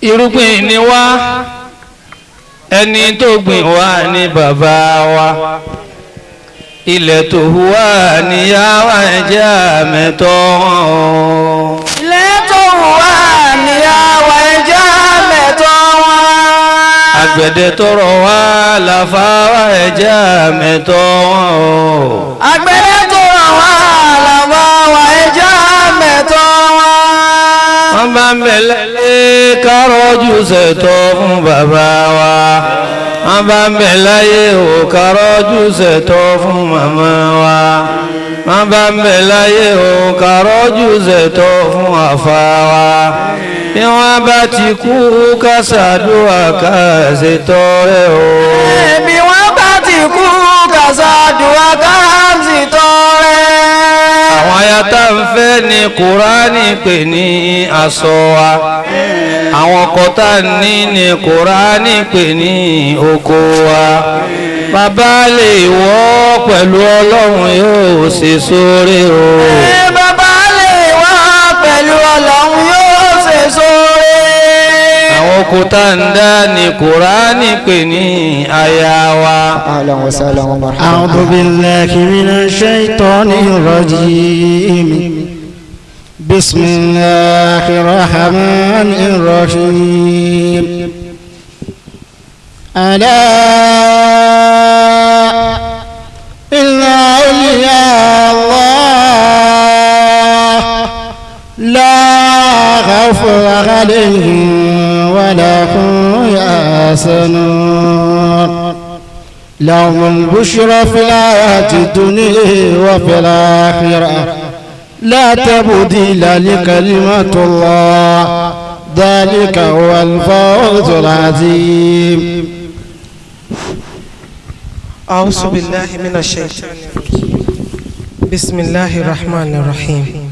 irúgbìn ni wá ẹni tó gbìn wá ní bàbá wa ilẹ̀ tó hù wá níyàwó ẹ̀jẹ̀ àmẹ́tọ́ wọn. ilẹ̀ tó hù wá níyàwó ẹ̀jẹ̀ àmẹ́tọ́ wọn. àgbẹ̀dẹ tó rọ̀ wá làfáwá ẹ̀jẹ̀ àmẹ́tọ́ wọn. àgbẹ̀dẹ tó rọ̀ wá làfáwá ẹ̀jẹ̀ wọ́n bá ń bẹ̀lẹ́ kárọ́jù ṣètò fún wa wọ́n bá ń bẹ̀láyé ò kárọ́jù ṣètò fún wa wọ́n bá ń bẹ̀láyé ò kárọ́jù ṣètò fún wa bí wọ́n bá ti kú kásàdúrà káṣètò rẹ̀ o. bí àwọn ayata ń fẹ́ ni kùránì pè ní aṣọ wa àwọn ọkọ tá a ní ni kùránì pè ní oko wa bàbá lè wọ́ pẹ̀lú ọlọ́run yóò ṣe sóore o. òkúta ń dá ní kùránì pè ní àyà wa. A'udhu billahi minash shaitonir rajim. Bismillahir rahmanir rahim. Ala inna awliya Allah خوف عليهم ولا هم يحزنون لهم البشرى في الحياة الدنيا وفي الآخرة لا تبديل لكلمة الله ذلك هو الفوز العظيم أعوذ بالله من الشيطان بسم الله الرحمن الرحيم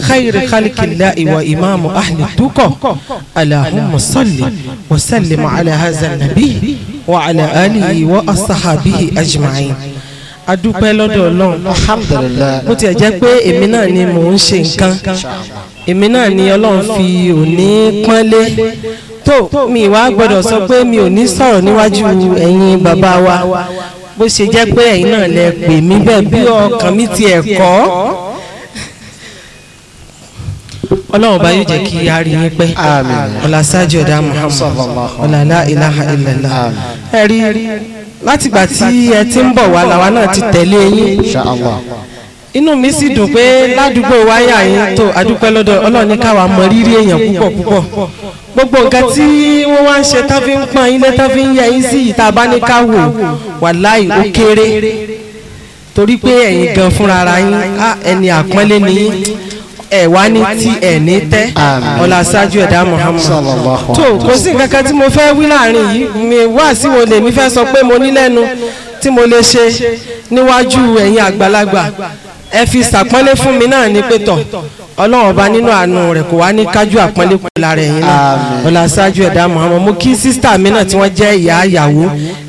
خير خلق الله وإمام أهل الدكة اللهم صل وسلم على هذا النبي وعلى آله وأصحابه أجمعين adúpẹ́ lọ́dọ̀ ọlọ́run alhamdulilayi bó tiẹ̀ jẹ́ pé èmi náà ni mò ń ṣe nǹkan èmi náà ni ọlọ́run fi òní pọ́nlé tó mi wá gbọ́dọ̀ sọ pé mi ò ní sọ̀rọ̀ níwájú ẹ̀yin bàbá wa bó ṣe jẹ́ pé ẹ̀yin náà lẹ pè mí bẹ́ẹ̀ bí ọkàn mi tiẹ̀ kọ́ ọlọ́run bá yóò jẹ́ kí a rí yín pẹ́ ọ̀là sáájú ọ̀dà muhammad ọ̀là la ilaha illallah ẹ rí látìgbà tí ẹ ti ń bọ̀ wá làwa náà ti tẹ̀lé yín inú mi sì dùn pé ládùúgbò wáyà yín tó adúpẹ́ lọ́dọ̀ ọlọ́run ní káwa mọ rírì èèyàn púpọ̀ púpọ̀ gbogbo nǹkan tí wọ́n wá ń ṣe tá fi ń pọn ilé tá fi ń yẹ yín sí ìta bá ní ká wò wàláì ó kéré torí pé ẹ̀yin gan fúnra ara yín ẹni àpọ́nlé ni yín ẹ̀ wá ní tí ẹ̀ ní tẹ́ ọ̀la ṣáájú ẹ̀dá Muhammad tó kò sí nǹkan kan tí mo fẹ́ wí láàrin yìí mi wá sí wo lè mi fẹ́ sọ pé mo ní lẹ́nu tí mo lè ṣe níwájú ẹ̀yin àgbàlagbà ẹ fi ṣàpọ́nlé fún mi náà ní pẹ́tọ̀ ọlọ́run ọba nínú àánú rẹ̀ kò wá ní kájú àpọ́nlé pẹ̀lá rẹ̀ yín náà ọ̀là ṣáájú ẹ̀dá Muhammad mo kí sísítà mi náà tí wọ́n jẹ́ ìyá ìyàwó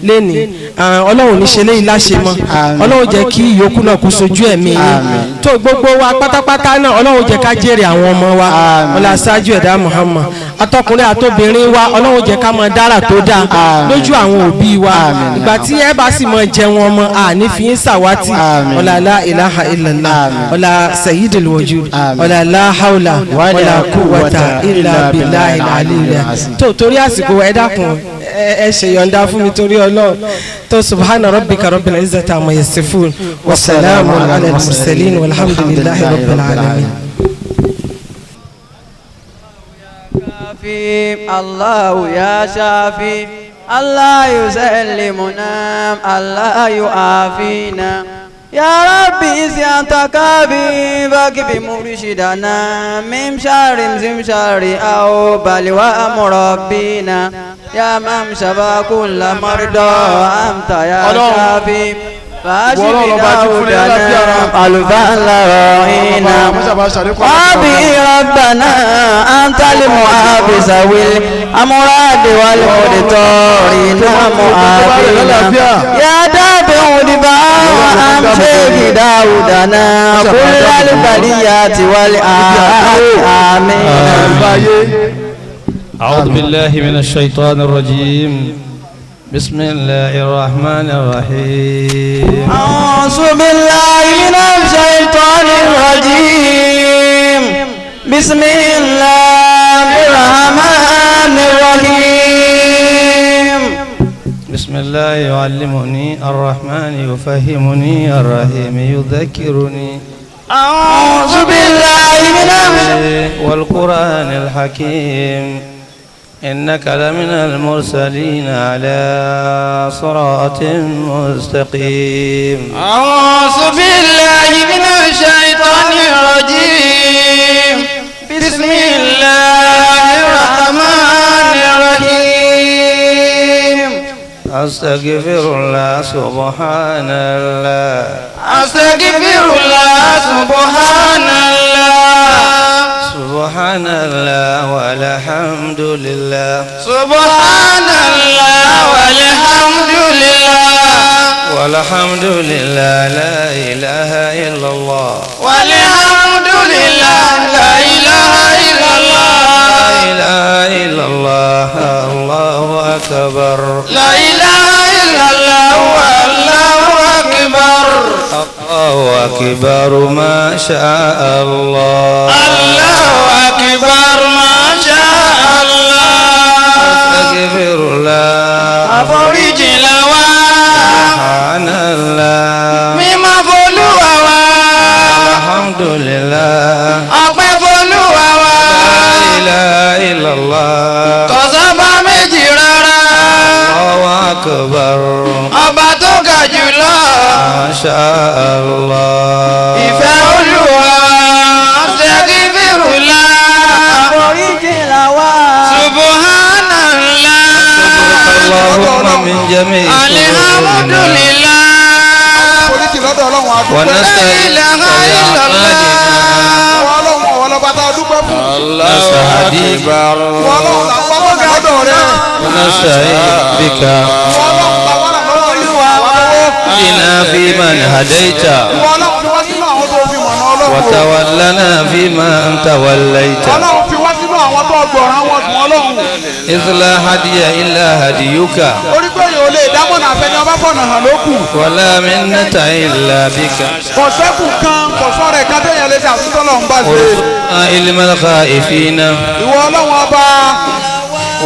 lẹ́ni ọlọ́run ní ṣe léyìí láṣẹ mọ́ ọlọ́run jẹ́ kí ìyókù náà kó sojú ẹ̀mí yín tó gbogbo wa pátápátá náà ọlọ́run jẹ́ ká jèrè àwọn ọmọ wa ọ̀là ṣáájú ẹ̀dá Muhammad atọkùnrin àtobìnrin wa ọlọ́run jẹ́ ká mọ dára tó dáa lójú àwọn òbí wa ìgbà tí ẹ bá sì mọ jẹun ọmọ àní fi ń ṣàwátì ọ̀là la ilaha ọ̀là sayyidul wujud ọ̀là wala la hawla wala kuwata illa billahi aliyil azim. tó torí àsìkò ẹ dákun ẹ ṣe yọ̀ǹda fún mi torí ọlọ́run tó subhana rabbika rabbil izzati amma yasifun wa salamu ala al-mursalin walhamdulillahi rabbil alamin. Allahu ya shafi Allah yusallimuna Allah yu'afina. يا ربي سيانتك بك بمرشدنا من شر زمشر أو بل وأمربينا يا من شفى كل مرضى أنت يا شافي أبي ربنا أنت المعابس والأمراض والمدتورين معابينا يا دافع لبعض أمشي داودنا كل البريات والآن أعوذ بالله من الشيطان الرجيم بسم الله الرحمن الرحيم أعوذ بالله من الشيطان الرجيم بسم الله الله يعلمني الرحمن يفهمني الرحيم يذكرني أعوذ بالله من والقرآن الحكيم إنك لمن المرسلين على صراط مستقيم أعوذ بالله من الشيطان الرجيم بسم الله أستغفر الله سبحان الله أستغفر الله سبحان الله سبحان الله والحمد لله سبحان الله والحمد لله والحمد لله لا إله إلا الله والحمد لله لا إله إلا الله لا إله إلا الله الله أكبر لا إله إلا الله الله أكبر الله أكبر ما شاء الله الله أكبر ما شاء الله أستغفر الله أفرج alhamdulillah. mímọ́ folúwa wá. alhamdulillah. ọpẹ́ folúwa wá. la ilaha illallah. kọ̀sọ́bà méjì rárá. Allahu akbar. ọba tó ga jùlọ. masha Allah. ìfẹ́ olúwa. ṣẹ́gi fìrùlá. subhanallah. subhanallah lọ́dọ̀ ọlọ́run àdúgbò. wọ́n náà sọ ilé ayé lọ́la. wọ́n ọlọ́run ọ̀wọ́ lọ́ba tá a dúpẹ́ fún. aláwọ̀ àdìbàrò. wọ́n ọlọ́run làwọn bá lọ́dọ̀ rẹ̀. wọ́n náà sọ ilé bíkà. wọ́n ọlọ́run làwọn làwọn olúwa wa. iná fi máa ní àdéhìtà. wọ́n ọlọ́run fi wá sínú àwọn tó fi mọ̀nà ọlọ́run. wàtàwálánà fi máa ń tàwáláyìtà. ọlọ́run fi wá sínú àwọn tó gbọ̀ràn wọn dùn ọlọ́run. ìsìlá hadiya ilá hadiyuka. orí pé bá fọ̀nà hàn ló kù. wọlé mi ń ta ìlà bí kan. kọ̀sẹ́kù kan kọ̀sọ́ rẹ̀ ká tẹ̀yàn lé dà fún tọ́lọ̀ ń bá ṣe. olùkọ́ ilimọ́lọ́kà ìfínà. ìwọ ọlọ́run ọba.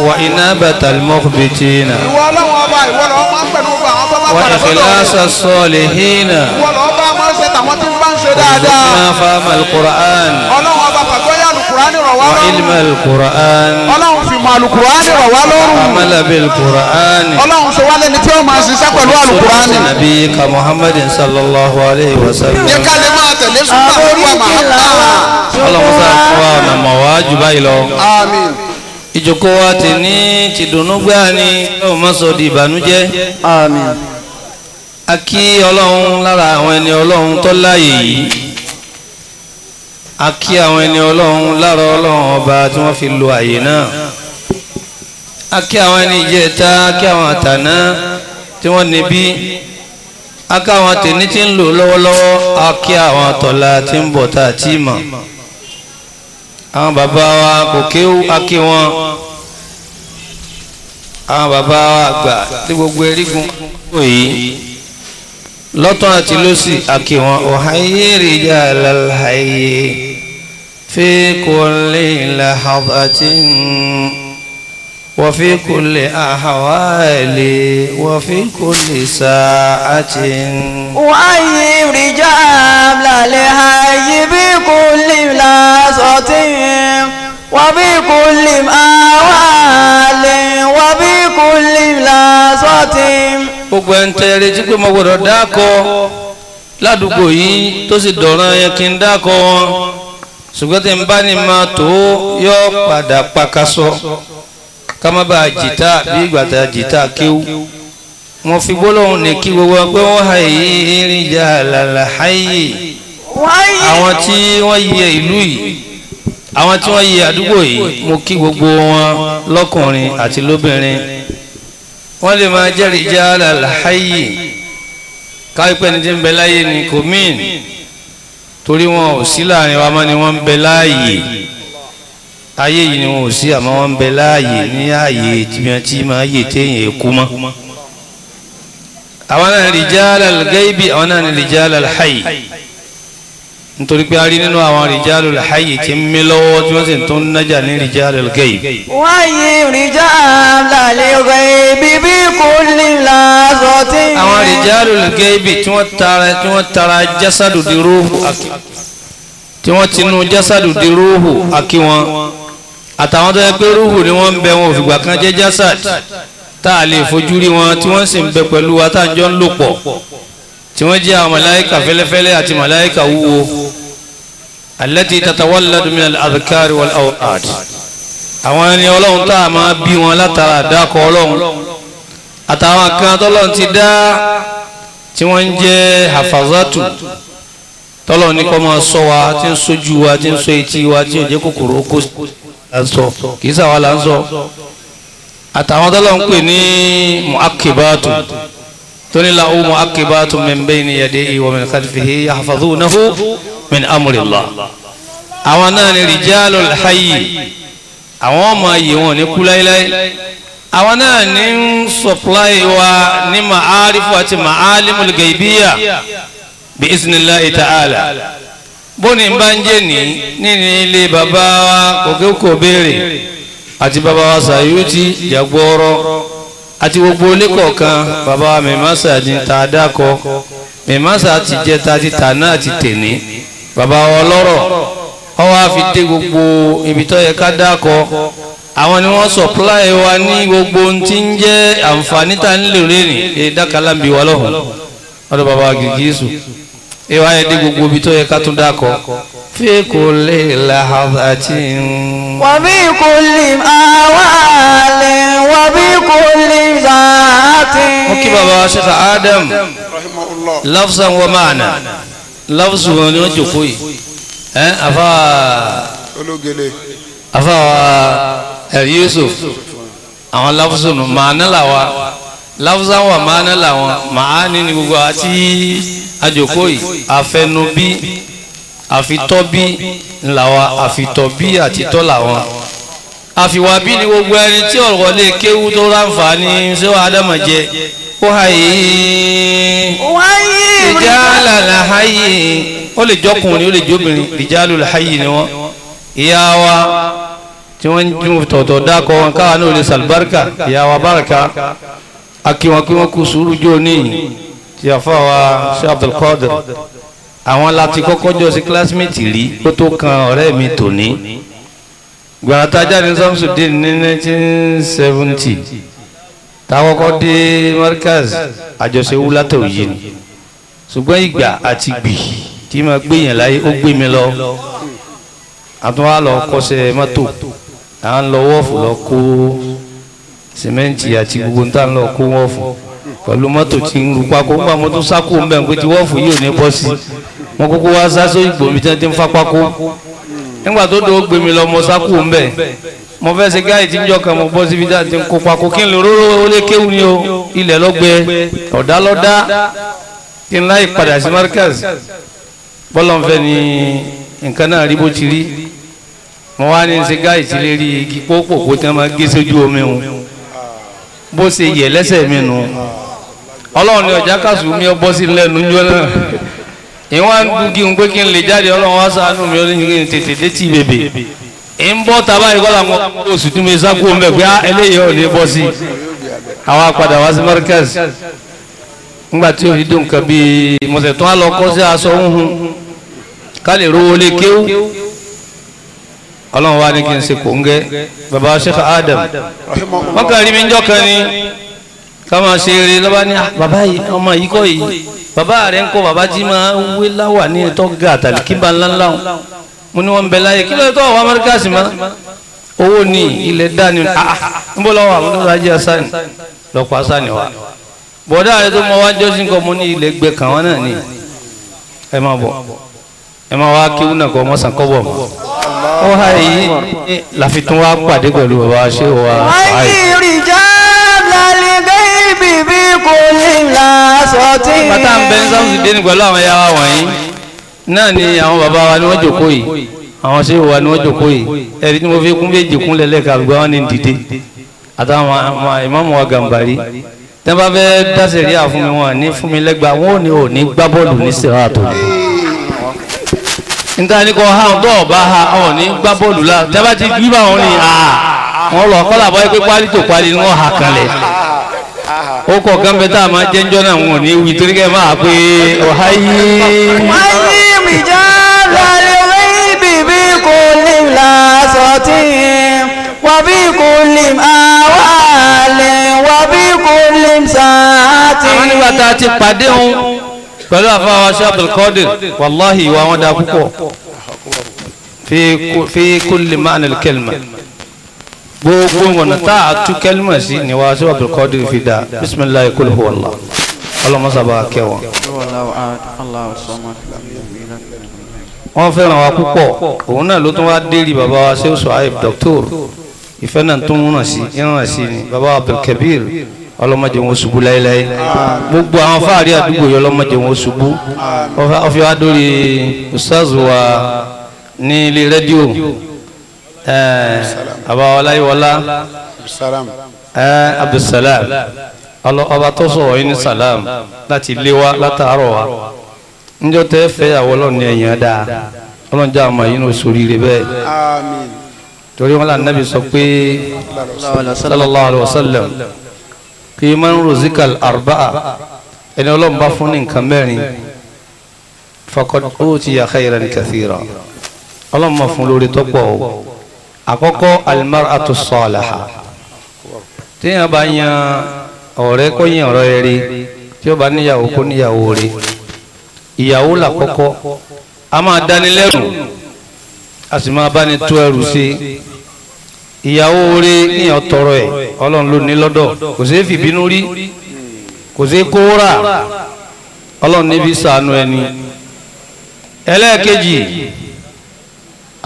wà iná bàtà mọ́kùbìtìnà. ìwọ ọlọ́run ọba ìwọ lọ́wọ́ máa ń pẹ̀lú gbogbo àwọn tó bá padà sọ́dọ̀. wà ìfìlásà sọ̀lì hínà. ìwọ lọ́wọ́ bá máa ń ṣe tàwọn ọmọ alukurani rọ̀ wá lọ́rùn. amala bil Qurani. ọlọ́run ṣe wá lẹ́ni tí ó máa ṣiṣẹ́ pẹ̀lú alukurani. nabi ka muhammadin sallallahu alaihi wasallam. sallam. yẹ ká lè máa tẹ̀lé sunna fún wa máa ń bá wa. ọlọ́run sá fún wa ọ̀nà mọ̀ wá jù báyìí lọ. àmín. ìjókòó ti ní tìdùnnú ni ó má sọ di ìbànújẹ́. àmín. a kí ọlọ́run lára àwọn ẹni ọlọ́run tó láàyè yìí àwọn ẹni ọlọ́run lára ọlọ́run ọba tí wọ́n fi lo àyè náà akí àwọn ẹni ìjẹta akí àwọn àtàná tí wọ́n níbí akí àwọn tèní tí ń lò lọ́wọ́lọ́wọ́ akí àwọn àtọ̀la tí ń bọ̀ tá a ti mọ̀ àwọn bàbá wa kò kéwú akí wọn àwọn bàbá wa àgbà tí gbogbo erigun kò yìí lọ́tún àti lọ́sì akí wọn ọ̀háyé rìjà lálàyé fi kulli lahabatin. وفي كل أحوالي وفي كل ساعة وأي رجال لهاي بكل لحظة وبكل أحوال وبكل لحظة gbogbo ẹ̀ ń tẹ́rẹ̀ tí pé mo gbọ́dọ̀ dákọ̀ ládùúgbò yìí tó sì dọ̀ràn yẹn kí n dákọ̀ wọn ṣùgbọ́n tí n kámábà jita, bí ìgbàtà jita kiu. wọ́n fi gbólóhùn ní kí gbogbo pé wọ́n ha èyí erin jà làlàáyè àwọn tí wọ́n yẹ ìlú yìí àwọn tí wọ́n yẹ àdúgbò yìí mo kí gbogbo wọn lọ́kùnrin àti lóbìnrin wọ́n lè máa jẹ́rìí jà làlàáyè káwípẹ́ ni tí ń bẹ láyé ni kò míìn torí wọn ò sí wa mọ́ ni wọ́n ń bẹ ayé yìí ni wọn ò sí àmọ́ wọn ń bẹ láàyè ní ààyè tìmọ̀ tí máa yè téèyàn kú mọ́. àwọn náà rijalal gaibi àwọn náà rijalal hayy nítorí pé a rí nínú àwọn rijalul hayy tí ń mí lọ́wọ́ tí wọ́n sì tún nájà ní rijalal gaibi. wáyé rijalal gaibi bí kò ní lásọ tí. àwọn rijalul gaibi tí wọ́n tara tí wọ́n tara tí wọ́n tinú jásàdù rúhù akí àtàwọn tó yẹ pé rúhù ni wọ́n ń bẹ wọn òfìgbà kan jẹ́ jásàd tá a lè fojú rí wọn tí wọ́n sì ń bẹ pẹ̀lú wa tá à ń jọ ń lò pọ̀ tí wọ́n jẹ́ àwọn màláíkà fẹ́lẹ́fẹ́lẹ́ àti màláíkà wúwo allati tatawalladu min al-adhkar wal àwọn ẹni ọlọ́run tá a máa bí wọn látara àdákọ ọlọ́run àtàwọn kan tọ́lọ́run ti dá tí wọ́n ń jẹ́ hafazatu tọ́lọ́run ní kó máa ṣọ́ wa tí ń ṣojú wa tí ń ṣọ́ etí wa tí ò jẹ́ kòkòrò kó sọ kì í sàwọn là ń sọ àtàwọn tó lọ ń pè ní muakibatu tóní làwọn muakibatu min bayni yadihi wa min khalfihi yahfazunahu min amrillah àwọn náà ni rijalul hayy àwọn ọmọ yìí wọn ní kú láíláí àwọn náà ní ń supply wa ní ma'arifu àti ma'alimul gaibiya bi iznillahi ta'ala bóni bá ń jẹ́ ní nínú ilé bàbá wa kòkè kò béèrè àti bàbá wa Sayuti Jàgbọ́rọ̀ àti gbogbo ilé kọ̀ọ̀kan bàbá wa mẹ́másà ní ta dákọ mẹ́másà ti jẹ́ ta ti tà náà ti tèní bàbá wa ọlọ́rọ̀ ọwọ́ àfi dé gbogbo ibi yẹ ká dákọ àwọn ni wọ́n sọ̀pláì wa ní gbogbo ohun tí ń jẹ́ àǹfààní tá ń lè rẹ́rìn-ín dákàlámbì wa lọ́hùn-ún ọ̀dọ̀ bàbá wa Gìgísù ìwà ẹ̀dí gbogbo ibi tó yẹ ká tún dákọ̀ fi kò lè làhàzà àti ìrùn. wà bí kò lè àwa lè wà bí kò lè zàtì. mo kí bàbá wa ṣètò adam lafsan wa maana lafsan wa ni wọ́n jòkó yìí ẹ́ afa afa ẹ̀rí yusuf àwọn lafsan maana làwa láwùsá wà máa ná làwọn màá ní ní gbogbo àti àjòkóyì àfẹnubí àfitọ́bí làwọn àfitọ́bí àti làwọn àfiwàbí ni gbogbo ẹni tí ọ̀rọ̀ lè kéwú tó ráǹfààní ṣé wàá dámọ̀ jẹ ó hayè ìjà làlà hayè ó lè jọkùnrin ó lè jóbìnrin ìjà lòlá hayè ni wọn ìyá wa tí wọ́n ń tọ̀tọ̀ dákọ̀ wọn káwa náà lè sàlùbáríkà ìyá wa báríkà akí wọn pé wọn kú sùúrù jọ ní ti àfọwà ṣe Abdulkadir àwọn láti kọ́kọ́ jọ sí kílásímẹ́tì rí ó tó kan ọ̀rẹ́ mi tòní gbàràtà jáde Samsudeen ní 1970 táwọ́kọ́ dé Markaz àjọṣe wúlátà òye ni ṣùgbọ́n ìgbà àti gbì tí ma gbéyàn láyé ó gbé mi lọ àtúnwá lọ kọsẹ̀ mọ́tò à ń lọ wọ́ọ̀fù lọ kó sìmẹ́ǹtì àti gbogbo ń tà ń lọ kó wọ́n fún pẹ̀lú mọ́tò tí ń lu pákó ńgbà mọ́tò sákò ń bẹ̀ ń pé tí wọ́ọ̀fù yìí ò ní bọ́ sí wọn kúkú wá sásó ìgbòmí tí wọ́n ti ń fa pákó nígbà tó dòó gbèmí lọ mọ sákò ń bẹ̀ mo fẹ́ ṣe gáyì tí ń jọ kan mo bọ́ síbi tí a ti ń kó pákó kí n lè róró olé kéwù ni o ilẹ̀ lọ́gbẹ ọ̀dá kí n láì padà sí markaz bọ́lọ̀ nfẹ́ ni nǹkan náà rí bó ti rí mo wá ní ṣe gáyì tí lè rí igi pópò kó tí máa gé sójú omi òun bó ṣe yẹ lẹ́sẹ̀ mi nù ọlọ́run ni ọ̀já kàṣù mi ọ bọ́ sí lẹ́nu jọ náà ìwọ́n ń dún kí n pé kí n lè jáde ọlọ́run wá sàánú mi ó ní tètè dé bèbè ń bọ́ tàbá ìkọ́lá mọ́ oṣù tí mo sá kú mẹ́ pé ah, eléyìí ò ní bọ́ sí àwa padà wá sí Markaz nígbà tí òfin dùn kan bíi mọ̀sẹ̀ tó kọ́ sí aṣọ ń hun ká lè rówó lé kéwú ọlọ́run wá ní kí n ṣe kò bàbá sheikh adam wọ́n kàn rí mi jọ́ kan ní ká máa ṣe eré lọ́ba ní ah, bàbá yìí ọmọ yìí kọ́ yìí bàbá rẹ̀ ń kọ́ bàbá jí máa ń wé láwà ní ètò ga àtàlì kíba ńláńlá wọn mo ní wọn bẹ láyé kí ló tó àwọn amẹ́ríkà sì máa owó ní ilẹ̀ dání ah, ah, ń bọ́ lọ́wọ́ àwọn olóòrùn ajé asani lọ́kọ̀ asani wa bọ̀dá rẹ̀ tó mọ wájú sí nǹkan mo ní ilẹ̀ gbẹ kàn wọ́n náà ní ẹ máa bọ̀ ẹ máa wá kí wúnà kọ́ mọ́sàn kọ́ bọ̀ mọ́ ọ̀hà yìí la fi tún wá pàdé pẹ̀lú bàbá ṣé wa. wọ́n yí ìrìjà lálẹ́ bẹ́ẹ̀bì bí kò ní ìlà sọtí. bàtà ń bẹ ní sáfùsì dé ní pẹ̀lú àwọn ẹ̀yà wa wọ̀nyí náà ni àwọn bàbá wa ni wọ́n jòkó yìí àwọn ṣé wa ni wọ́n jòkó yìí ẹ̀rí tí mo fi kún méjì kún lẹ́lẹ́ka àgbà wọn ni dìde àtàwọn ìmáàmù wa Gàmbàrí tẹ́ bá fẹ́ dá sẹ̀ríà fún mi wọn ní fún mi lẹ́gbàá wọn ò ní gbá bọ́ọ̀lù ní sèrè àtòlù níta ní kọ́ ha ọ̀dọ́ ọ̀bá ha ọ̀ ní gbá bọ́ọ̀lù la tẹ́bá ti gbí bá wọn ni wọ́n lọ kọ́lá bọ́ pé pálí tó pálí ni wọ́n hà kalẹ̀ ó kọ̀ kan bẹ́ẹ̀ tá a máa jẹ́njọ́ náà wọn ò ní wí torí kẹ́ máa pé ọ̀há yìí. wáyé mi já lálẹ́ wáyé bíbí kò lè la sọtí wàbí kò lè àwa lè wàbí kò lè sàátì. àwọn nígbà tá a ti pàdé òun pẹ̀lú àfáwà Sheikh Abdul Qadir wàláhì ìwà wọn dá púpọ̀ fi kulli ma'na al-kalima gbogbo ọ̀nà tá a tú kẹlìmọ̀ sí ni wàá Sheikh Abdul Qadir fi dá bisimilahi kul huwa Allah ọlọmọsàbà kẹwọn. wọ́n fẹ́ràn wa púpọ̀ òun náà ló tún wá dérí bàbá wa Sheikh Suhaib Doctor ìfẹ́ náà tún múnà sí ìrànà bàbá Abdul ọlọ́mọdé wọn ṣubú láíláí gbogbo àwọn fáàrí àdúgbò yìí ọlọ́mọdé wọn ṣubú ọfẹ wa dórí ustaz wa ní ilé rédíò àbáwọlá ìwọlá abdulsalam ọba tó sọ̀rọ̀ yìí ní salam láti ilé wa látàárọ̀ wa níjọ́ tẹ́ fẹ́ àwọn ọlọ́run ní ẹ̀yìn dáa ọlọ́run jẹ́ àmọ́ yìí ní oṣù rírẹ bẹ́ẹ̀ torí wọn là nàbì sọ pé sallallahu alayhi wa kì í máa ń rozikal arba'a ẹni ọlọ́run bá fún ní nǹkan mẹ́rin faqad utiya khayran kathira ọlọ́run máa fún lórí tọ́pọ̀ o àkọ́kọ́ almar'atu salaha téèyàn bá yan ọ̀rẹ́ kó yan ọ̀rọ̀ ẹ̀rí tí ó bá níyàwó kó níyàwó rí ìyàwó làkọ́kọ́ a máa dání lẹ́rù a sì máa bá ní tó ẹrù sí ìyàwó rí níyàn tọrọ ẹ̀ ọlọ́run ló ní lọ́dọ̀ kò sí fi bínú rí kò sí kóra ọlọ́run níbi sànú ẹni ẹlẹ́ẹ̀kejì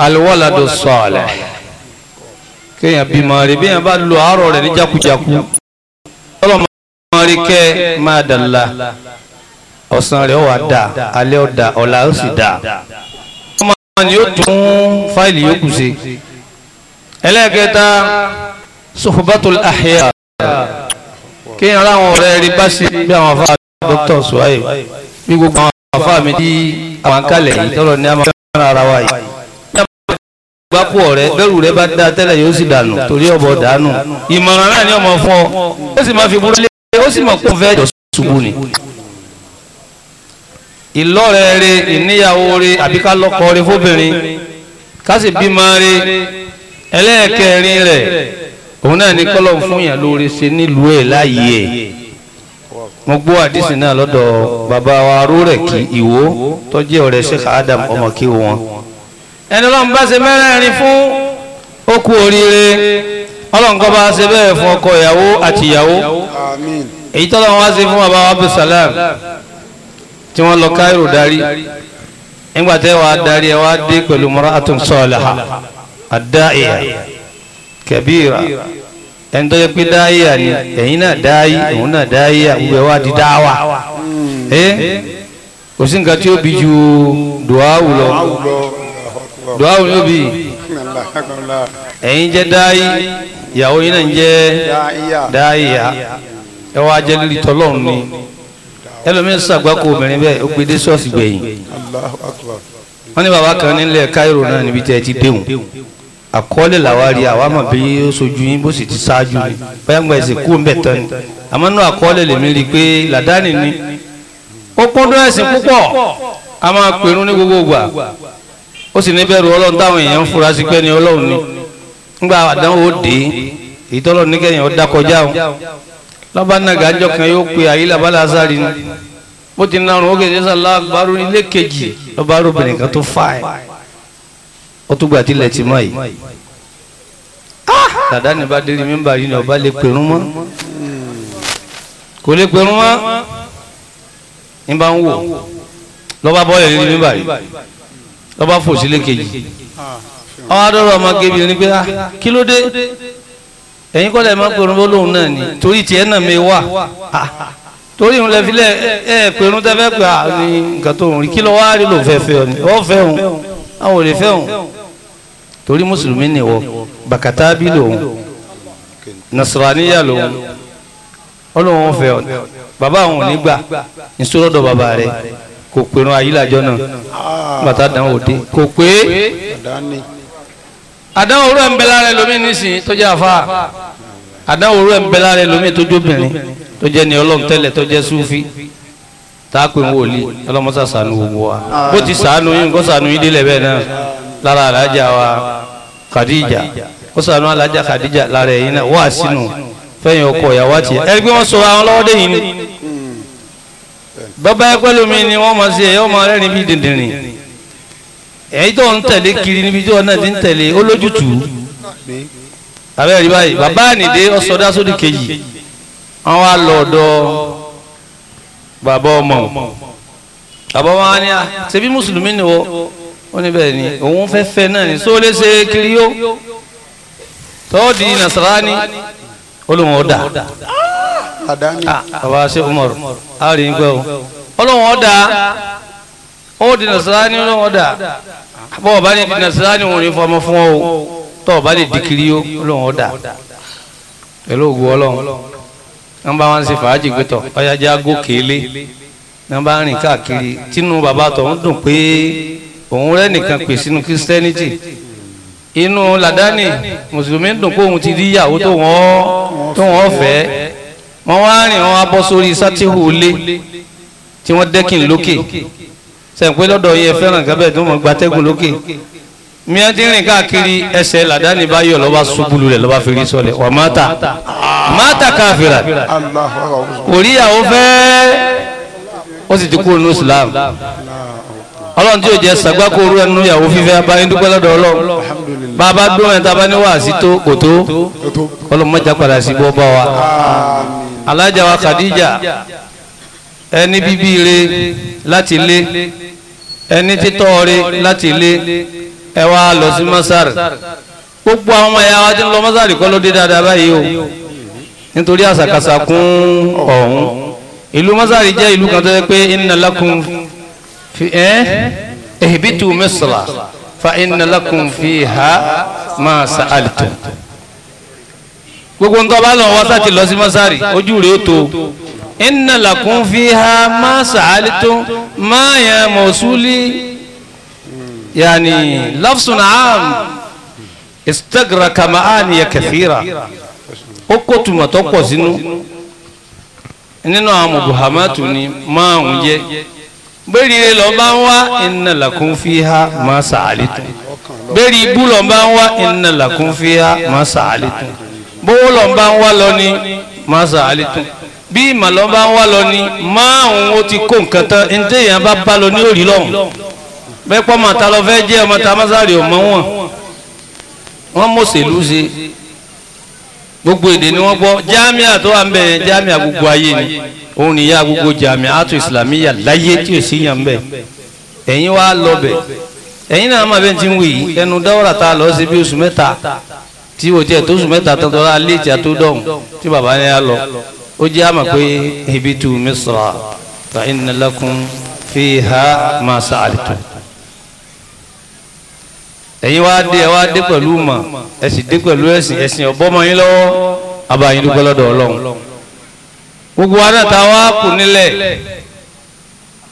aliwalado sọ̀ọ̀lẹ̀ kéèyàn bímọ rẹ bíyàn bá lo àárọ̀ rẹ̀ ní jákujáku ọlọ́run máa rí kẹ́ máa dàlá ọ̀sán rẹ̀ wà dà alẹ́ ọ̀dà ọ̀la ó sì dà ọmọ ni ó tún fáìlì yókù sí ẹlẹ́ẹ̀kẹta suhbatul ahya kí n ra àwọn ọ̀rẹ́ rí bá ṣe bí àwọn afá dr suwaye bí gbogbo àwọn afá mi tí àwọn kalẹ̀ yìí tọrọ ní àwọn afá ara wa yìí. ní àwọn ìgbàpọ̀ rẹ bẹ́rù rẹ bá dá tẹ́lẹ̀ yóò sì dànù torí ọ̀bọ̀ dànù ìmọ̀ràn náà ni ọmọ fún ọ ó sì máa fi búra lé ó sì mọ̀ kó fẹ́ jọ ṣubú ni. ìlọ́rẹ̀ rẹ ìníyàwó rẹ àbí ká lọ́kọ rẹ fóbìnrin ká sì bímọ rẹ ẹlẹ́ẹ̀kẹrin òun náà ni kọ́lọ́hún fún yàn lóore ṣe nílùú ẹ̀ láàyè ẹ̀ mo gbọ́ àdìsí náà lọ́dọ̀ bàbá wa rórẹ̀kì ìwó tọ́jú ọ̀rẹ́ Adam ọmọ kí wọn. ẹni ọlọ́run bá ṣe mẹ́rẹ̀ẹ̀rin fún oríire ọlọ́run kọ́ bá ṣe bẹ́ẹ̀ fún ọkọ ìyàwó àti ìyàwó èyí wá fún bàbá wa tí wọ́n lọ darí nígbà tẹ́ wàá darí ẹ wàá dé pẹ̀lú mọ́ra àtúnṣọ́ọ̀lá kẹbíra ẹni tó yẹ pé dáyà ni ẹ̀yin náà dáyì òun náà dáyà ìwẹ̀ wa di dáwà kò sí nǹkan tí ó bí ju dùáwù lọ dùáwù ló bí ẹ̀yin jẹ́ dáyì ìyàwó yín náà ń jẹ́ dáyà ẹ wá jẹ́ lílì tọ́lọ́run ni ẹlòmíràn sàgbákò obìnrin bẹ́ẹ̀ ó pe dé ṣọ́ọ̀ṣì gbẹ̀yìn wọ́n ní bàbá kan nílẹ̀ Cairo náà níbi tẹ́ ẹ ti déhùn àkọọ́lẹ̀ làwa rí àwa mọ̀ bí ó sojú yín bó sì ti ṣáájú ni bóyá gbọ́n ẹ̀sìn kú mbẹ̀ tán ni àmọ́ náà àkọọ́lẹ̀ lèmi rí i pé làdáni ni ó kúndùn ẹ̀sìn púpọ̀ a máa pèrún ní gbogbo ìgbà ó sì níbẹ̀rù ọlọ́run táwọn èèyàn ń fura sí pé ni ọlọ́run ni ńgbà àdánwò dé èyí tọ́lọ́ níkẹyìn ọ̀dà kọjá o lọ́ba nàgà jọ kan yóò pe àyílà bàlá sáré ni bó ti narun ó kéde sàlá àgbárò ilé kejì lọ́ba arúbìnrin kan tó fà á ó tún gbà tilẹ̀ ti mọ́ yìí dàdá ní bá dérí mímbà yìí ni ọba lè pèrún mọ́ kò lè pèrún mọ́ ní bá ń wò lọ́ba bọ́ọ̀lù ní mímbà yìí lọ́ba fò sílé kejì àwọn adọ́rọ̀ ọmọ gẹ́gẹ́ ni pé ah, kí ló dé ẹ̀yin kọ́lẹ̀ máa pèrún bó lóun náà ni torí tiẹ̀ náà mi wà torí òun lẹ filẹ̀ ẹ pèrún tẹ́fẹ́ pé à ah, ní nǹkan tó ń rí kí lọ́wọ́ á rí lòun fẹ́ fẹ́ ọ ni ọ fẹ́ òun àwọn ò lè fẹ́ òun torí mùsùlùmí ni wọ bàkàtàbí lòun nasaraniya lòun ọlọ́wọ́n fẹ́ ọ bàbá àwọn ò ní gbà ìṣòrodọ̀ bàbá rẹ kò pèrún ayílàjọ náà bàtà dánwò dé kò pé àdánwò rẹ̀ ń bẹ lára ẹlòmí nísìnyí tó jẹ́ àfa àdánwò rẹ̀ ń bẹ lára ẹlòmí tó jóbìnrin tó jẹ́ ní ọlọ́run tẹ́lẹ̀ tó jẹ́ súfì tá a pè ń wòlíì ọlọ́mọ́sà sànù gbogbo wa bó ti sànù yín nǹkan sànù yín délẹ̀ bẹ́ẹ̀ náà lára alájà wa Khadija ó sànú alájà Khadija lára ẹ̀yìn náà wá sínú fẹ́yìn ọkọ ìyàwó àti ẹ̀ ẹ̀rí pé wọ́n sọ̀rọ̀ àwọn lọ́wọ́ dẹ́yìn ni bàbá ẹgbẹ́ lómi ni wọ́n máa ṣe ẹ̀yọ́ máa rẹ́rìn bí dìndìnrín ẹ̀yìn tó ń tẹ̀lé kiri níbi tí wọ́n náà ti ń tẹ̀lé olójútùú àbẹ́ rí báyìí bàbá ànìdé ọ̀sọ̀dásódì kejì wọ́n wá lọ ọ̀dọ̀ bàbá ọmọ bàbá wọn á ní à ṣebí mùsùlùmí ni wọ́n ó ní bẹ́ẹ̀ ni òun fẹ́ fẹ́ náà ni só lè ṣe kiri yó tọ́ọ̀dì nasarani olóhùn ọ̀dà ah, bàbá ṣe umar ari ń gbẹ́ o olóhùn ọ̀dà ó di nasarani olóhùn ọ̀dà bọ́ ọ̀bá ní nasarani òun ní fọmọ fún ọ tọ́ ọ̀bá ní di kiri yó olóhùn ọ̀dà pẹ̀lú ògùn ọlọ́run wọ́n wọn ṣe fàájì gbẹ́tọ̀ ọ̀yájá gòkè lé wọ́n rìn káàkiri tínú bàbá tó ń dùn pé òun rẹ nìkan pè sínú Christianity inú làdáni mùsùlùmí dùn pé òun ti rí ìyàwó tó wọ́n tó wọ́n fẹ́ wọ́n wá rìn wọ́n abọ́ sórí sátìhù lé tí wọ́n dẹ́kìn lókè sẹ̀ǹpé lọ́dọ̀ yẹ fẹ́ràn gábẹ́ tó mọ̀ gbatẹ́gùn lókè miya ti rìn káàkiri ẹsẹ̀ làdáni bá yọ lọ́ba ṣubúlu rẹ̀ lọ́ba fi rí sọlẹ̀ wà má ta má ta káfíra kò rí ìyàwó fẹ́ ó sì ti kú inú Islam ọlọ́run tí yóò jẹ́ sàgbákò orú ẹnu ìyàwó fífẹ́ abáyé dúpẹ́ lọ́dọ̀ ọlọ́run bàbá gbọ́n ẹ̀ tábà ní wàásí tó kò tó ọlọ́run mọ́jà padà sí bọ́ bá wa alájà wa Khadija ẹni bíbí re láti lé ẹni títọ́ re láti lé ẹ wá lọ sí mọ́sàrì gbogbo àwọn ọmọ ẹ̀yà wa ti ń lọ mọ́sàrì kọ́ ló dé dáadáa báyìí o nítorí àṣàkàṣà kún ọ̀hún ìlú mọ́sàrì jẹ́ ìlú kan tó yẹ pé inna lakum اهبتوا مصر فإن لكم فيها ما سألتم gbogbo nǹkan bá lọ wọn sáti lọ sí mọ́sárì ojú rèé tó inna lakum fiha ma sa'altum ma ya mawsuli yani lafsun am istagraka ma'aniya kathira ó kó tùmọ̀ tó pọ̀ sínú nínú àwọn muhammadu ni máa ń jẹ́ bẹ́ẹ̀rẹ̀ lọ bá ń wá inna lakum fiha ma sa'alitum bẹ́ẹ̀rẹ̀ ibú lọ bá ń wá inna lakum fiha ma sa'alitum bówó lọ bá ń wá lọ ní ma sa'alitum bí ìmọ̀ lọ bá ń wá lọ ní márùn-ún ó ti kó nǹkan tán ní téèyàn bá bá lọ ní òrì lọ́hùn bẹ́ẹ̀ pọ́ màtá lọ fẹ́ jẹ́ ọmọ tá a mọ́sárì ọmọ wọn wọ́n mọ̀sẹ̀lú ṣe gbogbo èdè ni wọ́n gbọ́ jámíà tó wà ń bẹ̀yẹn jámíà gbogbo ayé ni òun ni ìyá gbogbo jamiatu islamiyya láyé tí ò sí yàn bẹ́ẹ̀ ẹ̀yin wá lọ bẹ̀ ẹ̀yin náà máa bẹ́ẹ̀ ti ń wì í ẹnu dáwọ́rà tá a lọ sí bí oṣù mẹ́ta tí o jẹ́ tó oṣù mẹ́ta tọ́tọ́ la lé ìjà tó dọ̀hún tí bàbá yẹn á lọ ó jẹ́ àmọ̀ pé hibitu misra fa inna lakum fiha ma sa'altu ẹ̀yin wá dé ẹ wá dé pẹ̀lú mọ̀ ẹ sì dé pẹ̀lú ẹ̀sìn ẹ̀sìn ọ̀bọ́mọ yín lọ́wọ́ abayín dúpẹ́ lọ́dọ̀ ọlọ́run gbogbo wa náà ta wá kù nílẹ̀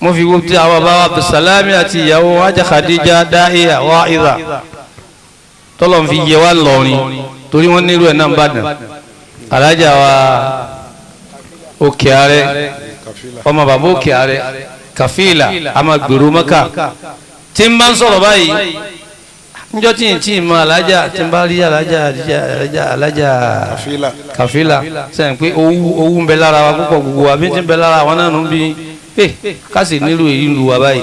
mo fi gbogbo àwọn bàbá Abdulsalami àti ìyàwó ajá Khadija dáhìá wá ìdà tọ́lọ̀ fi yẹ wá lọ́rin torí wọ́n nílò ẹ̀ náà bàdàn alájà wa òkè ààrẹ ọmọ bàbá òkè ààrẹ kàfíìlà àmàgbèrò mọ́kà tí ń bá ń sọ̀rọ̀ báyìí njọ́ tí n tí ì mọ alájà tí n bá rí alájà alájà alájà kàfílà sẹ́yìn pé owó owó ń bẹ lára wa púpọ̀ gbogbo wa bí n ti ń bẹ lára wa náà nù bí ẹ ká sì nílò èyí lù wá báyìí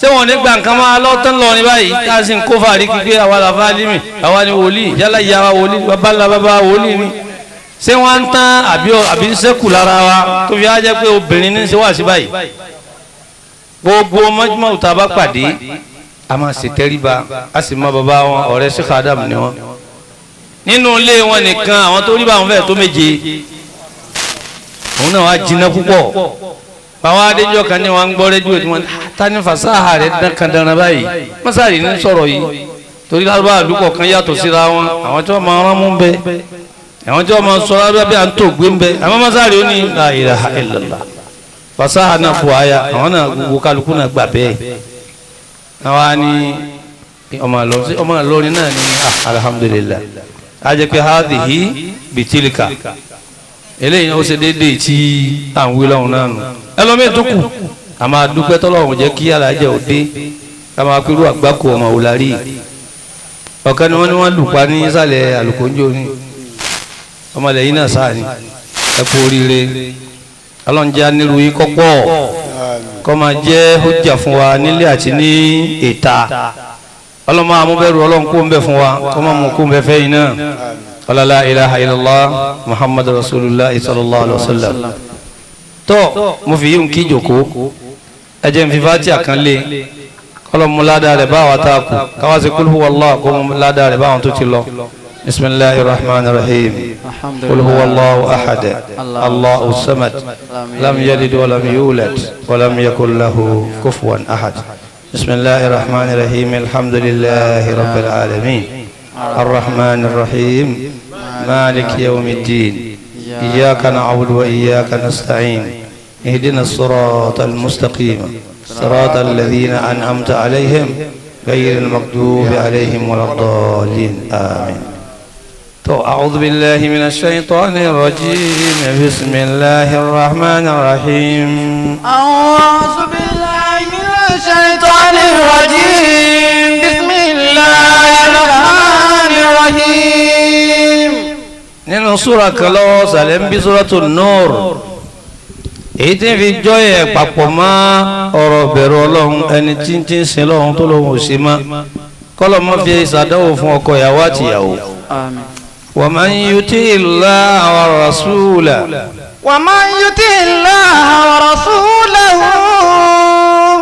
ṣé wọn ní nǹkan máa lọ́tọ́ lọ ní báyìí tá sì ń kó fàárí kíkẹ́ àwa làfa alímì àwa ni wòlíì yálà ìyá wa wòlíì bàbá ńlá bàbá wòlíì ni ṣé wọn ń tán àbí àbí sẹ́kù lára wa tó fi á jẹ́ pé obìnrin ní ṣe wà sí báyìí gbogbo mọ́júmọ́ a máa ṣe tẹríba a sì mọ bàbá wọn ọ̀rẹ́ sí kádàmù ni wọn nínú ilé wọn nìkan àwọn tó rí bá wọn fẹ́ tó méje òun náà wá jiná púpọ̀ àwọn adéjọ́ kan ní wọn gbọ́ rédíò tí wọn ah, ta ní fasáhà rẹ̀ dánkandana báyìí mọ́sáàrì ní sọ̀rọ̀ yìí torí lárúbá àdúgbò kan yàtọ̀ síra wọn àwọn tí wọ́n máa rán mú bẹ́ẹ̀ àwọn tí wọ́n máa sọ lábẹ́ bí à ń tó gbé bẹ́ àwọn mọ́sáàrí ó ní la ilaha illallah fasaha náà fò àyà àwọn náà gbogbo kálukú náà gbà bẹ́ẹ̀ àwa ni ọmọ àlọ sí ọmọ àlọrin náà ni ah, alhamdulillah a jẹ pé hi bitilika eléyìí náà ó ṣe déédéé tí à ń wí lọ́hùn náà nù ẹlọ́mìn tó kù a máa dúpẹ́ tọ́lọ́hùn jẹ́ kí alájẹ ò dé ká máa pẹ́rú àgbákò ọmọ òlàrí ọ̀kan ni wọ́n ní wọ́n lù pa ní sàlẹ̀ àlùkòjò ni ọmọ ilẹ̀ yìí náà sáà ni ẹ kú oríire ọlọ́njẹ́ nílùú yìí kọ́pọ̀ kọ́ máa jẹ́ hujja fún wa nílé àti ní ìta ọlọ́mọ amúbẹ̀rù ọlọ́run kó ń bẹ̀ fún wa kọ́ máa mú kó ń bẹ̀ fẹ́ yìí náà ọlọ́lá ilaha illallah muhammadu rasulullah sallallahu alaihi wasallam tó mo fi yí ń kí jòkó ẹ jẹ́ n fi fati àkànlé kọ́lọ́ mú ládàá rẹ̀ báwa tá a kù káwá sí kúlù wọ́lá kó بسم الله الرحمن الرحيم قل هو الله أحد الله الصمد لم يلد ولم يولد ولم يكن له كفوا أحد بسم الله الرحمن الرحيم الحمد لله رب العالمين الرحمن الرحيم مالك يوم الدين إياك نعبد وإياك نستعين اهدنا الصراط المستقيم صراط الذين أنعمت عليهم غير المغضوب عليهم ولا الضالين آمين تو أعوذ بالله من الشيطان الرجيم بسم الله الرحمن الرحيم أعوذ بالله من الشيطان الرجيم بسم الله الرحمن الرحيم nínú súra kan lọ́wọ́ sàlẹ̀ ń bí súratu Nur èyí tí ń fi jọ́ yẹ papọ̀ mọ́ ọ̀rọ̀ bẹ̀rù ọlọ́run ẹni tí ń tí ń sin lọ́run tó lóun ò sí mọ́ kọ́lọ́ mọ́ fi ṣàdánwò fún ọkọ ìyàwó àtìyàwó. Àmín. ومن يطع الله ورسوله ومن يطع الله ورسوله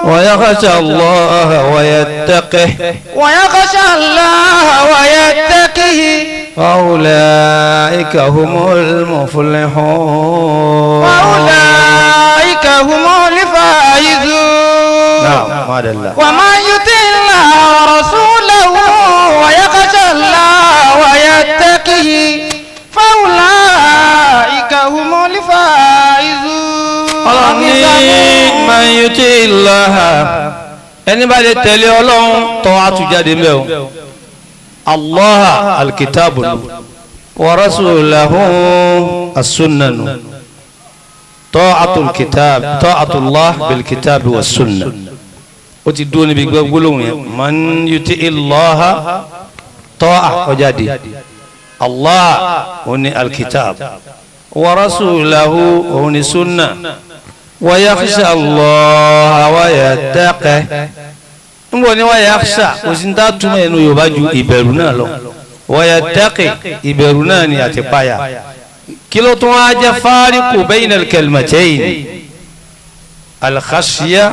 ويخشى الله ويتقه ويخشى الله ويتقه فأولئك هم المفلحون وأولئك هم الفائزون نعم ومن يطع الله ورسوله man yuti illaha ẹni bá lè tẹ̀lé ọlọ́run tọ́ àtújáde mẹ́ o allaha alkitabu wa rasulahu as-sunnanu ta'atul kitab ta'atullah bil kitab was sunna ó ti dúró níbi gbólóhùn yẹn man yuti illaha ta'a ọjáde allah òun alkitab wa rasulahu òun ni wọ́yàkṣà Allah wọ́yàtẹ́kẹ́ níbo ni wọ́yàkṣà kò sí ní dátúmọ̀ ẹnu yorùbá ju ìbẹ̀rù náà lọ wọ́yàtẹ́kẹ́ ìbẹ̀rù náà ni àti páyà kí ló tún wá jẹ́ fáríkù bayna al-kalimatayn al-khashya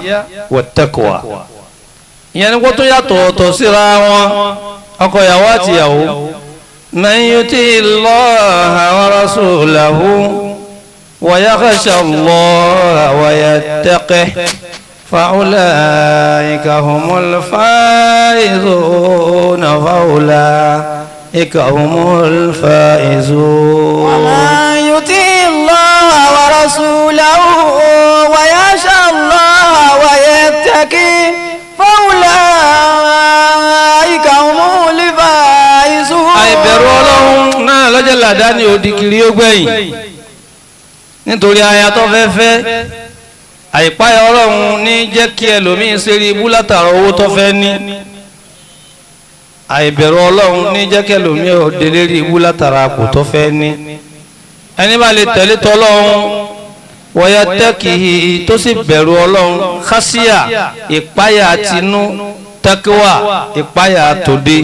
wat-taqwa ìyẹn ni wọ́n tún yàtọ̀ ọ̀tọ̀ síra Allah wa rasulahu. ويخشى الله ويتقه فأولئك هم الفائزون فأولئك هم الفائزون وما يطيع الله ورسوله ويخشى الله ويتقي فأولئك هم الفائزون àìbẹ̀rù Ọlọ́run náà lọ́jọ́ làdá ni òdìkìrí nítorí aya tó fẹ́ fẹ́ àìpáyà ọlọ́run ní jẹ́ kí ẹlòmíín ṣeré ibú látàrí owó tó fẹ́ ní àìbẹ̀rù ọlọ́run ní jẹ́ kí ẹlòmíín òde lérí ibú látàrí àpò tó fẹ́ ní ẹni bá lè tẹ̀lé tọ́lọ́run wọ́yá tẹ́kìhì tó sì bẹ̀rù ọlọ́run kásíà ìpáyà tinú tẹ́kíwà ìpáyà tòde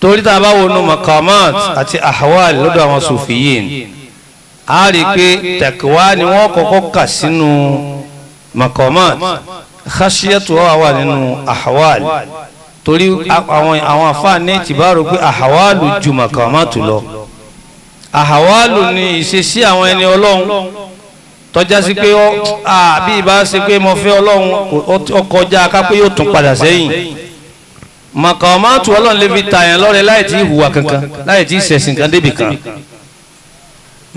torí tá a bá wọnú makamat àti ahwal lọ́dọ̀ àwọn sùfìyìn a rí i pé tẹ̀kíwá ni wọ́n kọ́kọ́ kà sínú maqamat khashiyatu wà nínú ahawal torí àwọn àwọn àfáàní ti bá rò pé ahawalu ju maqamatu lọ ahawalu ni ìṣesí àwọn ẹni ọlọ́run tọ́já sí pé àbí ìbá ṣe pé mo fẹ́ ọlọ́run ọkọjá aká pé yóò tún padà sẹ́yìn maqamatu ọlọ́run lè fi tààyàn lọ́rẹ láì tí ì kankan láì tí ì kan débì kan.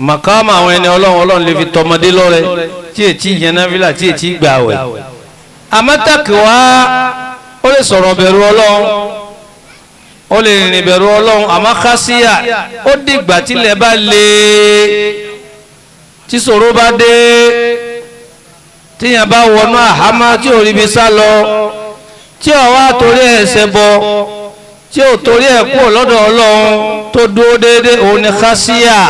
Makama àwọn ẹni ọlọ́run ọlọ́run lè fi tọmọdé lọ́rẹ tí ètí yẹnáfílà tí ètí gbààwẹ̀ àmọ́tàkìwá ó lè sọ̀rọ̀ bẹ̀rù ọlọ́run ó lè rìnrìn bẹ̀rù ọlọ́run àmọ́ kásíyà ó dìgbà tilẹ̀ bá le tí ṣòro bá dé tíyàn bá wọnú àhámá tí ò ríbi sá lọ tí ò wá torí ẹ̀ṣẹ̀ bọ tí ò torí ẹ̀ kúrò lọ́dọ̀ ọlọ́run tó dúró déédéé òun ni kásíyà.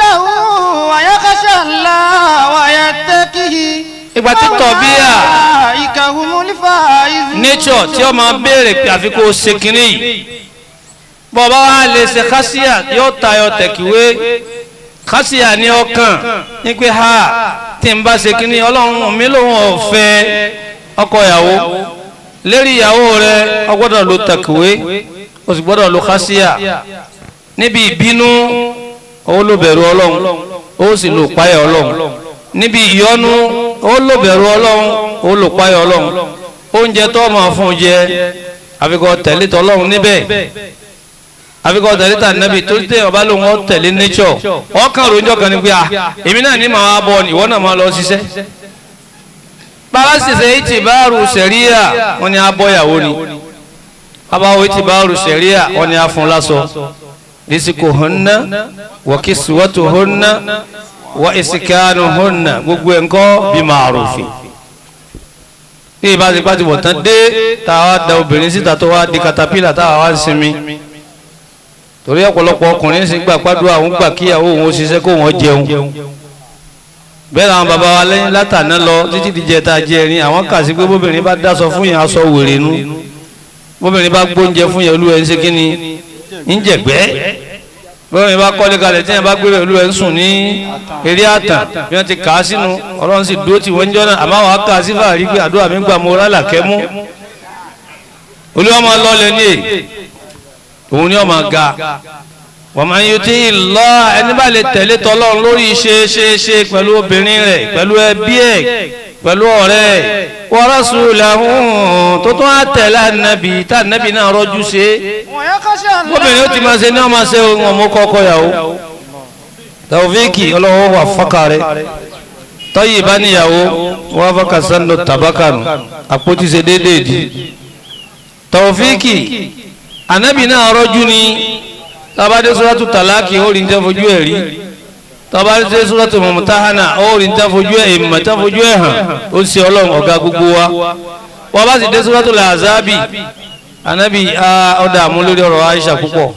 له ويخشى الله ويتقيه ìgbà tí tọ̀bíà nature tí ọ máa béèrè pé àfi o ṣe kínní yìí bọ́ọ̀bá wa lè ṣe kásíà yóò tayọ tẹ̀kíwé kásíà ní ọkàn ní pé ha tí n bá ṣe kínní ọlọ́run mi lòun ọkọ ìyàwó lérí ìyàwó rẹ gbọ́dọ̀ lo tẹ̀kíwé o sì gbọ́dọ̀ lo kásíà níbi ìbínú ó lóbẹ̀rù ọlọ́run ó sì lò páyà ọlọ́run níbi ìyọnu ó ọlọ́run ó lò páyà ọlọ́run oúnjẹ tó máa fún jẹ àfikọ́ tẹ̀lé tọlọ́run níbẹ̀ àfikọ́ tẹ̀lé tà nẹ́bi tó tẹ̀ ọba lòun ọ tẹ̀lé nature ọkàn ròjọ́ kan ní pé à èmi náà ní màá bọ̀ ìwọ náà máa lọ ṣiṣẹ́ bàbáṣiṣẹ́ ìtìbáàrù sẹ̀ríà wọn ni abọ́yàwó ni wọn ni risikuhunna wa kiswatuhunna wa isikanuhunna gbogbo ẹ̀ ń kọ́ bí màrúfì ní ìbáṣe pàtí wọ̀tán dé tá a wá da obìnrin síta tó wá di katapila tá a wá ń sinmi torí ọ̀pọ̀lọpọ̀ ọkùnrin sì gbà pàdúrà òun gbà kíyàwó òun ṣiṣẹ́ kó wọ́n jẹun bẹ́ẹ̀ làwọn bàbá wa lẹ́yìn látàná lọ títí di jẹta jẹrin àwọn kà sí pé bóbìnrin bá dáṣọ fún yẹn aṣọ wèrè nu bóbìnrin bá gbóúnjẹ fún yẹn olú ń ṣe kí ni ń jẹ̀gbẹ́ bẹ́ẹ̀ ni bá kọ́lé kalẹ̀ tí yẹn bá gbé olú ẹ̀ ń sùn ní eré àtàn bí wọ́n ti kà á sínú ọlọ́run sì dúró tì wọ́n ń jọ́nà àmọ́ àwọn aká sí fàárí pé àdúrà mi gbà mọ́ rálàkẹ́ mú olúwa máa lọ́lẹ̀ ní èyí òun ni ó máa ga wọ́n máa ń yóò tí ẹni bá lè tẹ̀lé tọ́lọ́run lórí ṣe pẹ̀lú obìnrin rẹ̀ pẹ̀lú ẹbí ẹ̀ pẹ̀lú ọ̀rẹ́ wa rasulahu tó tún á tẹ̀lé ànábì tá ànábì náà rọ́jú ṣe gómìnà ó ti máa ṣe náà máa ṣe wọn mú kọ́kọ́ yàwó tàwọ́fíìkì ọlọ́wọ́ wà fọ́kà rẹ̀ tọ́yì bá níyàwó wọ́n fọ́kà sánú tàbákànù àpótí ṣe déédéé di tàwọ́fíìkì ànábì náà rọ́jú ni tàbádé sọ́dọ̀ tó tàlákì ó rí ní jẹ́ fojú ẹ̀ rí tọba ṣe sọ́tò mọ̀mọ́tàhánà ó rí táfojú ẹ̀ ìmọ̀ táfojú ẹ̀ hàn ó ṣe ọlọ́run ọ̀gá gbogbo wa wọ́n bá sì dé sọ́tò làzábì anabi ọ̀dà àmú lórí ọ̀rọ̀ Aisha púpọ̀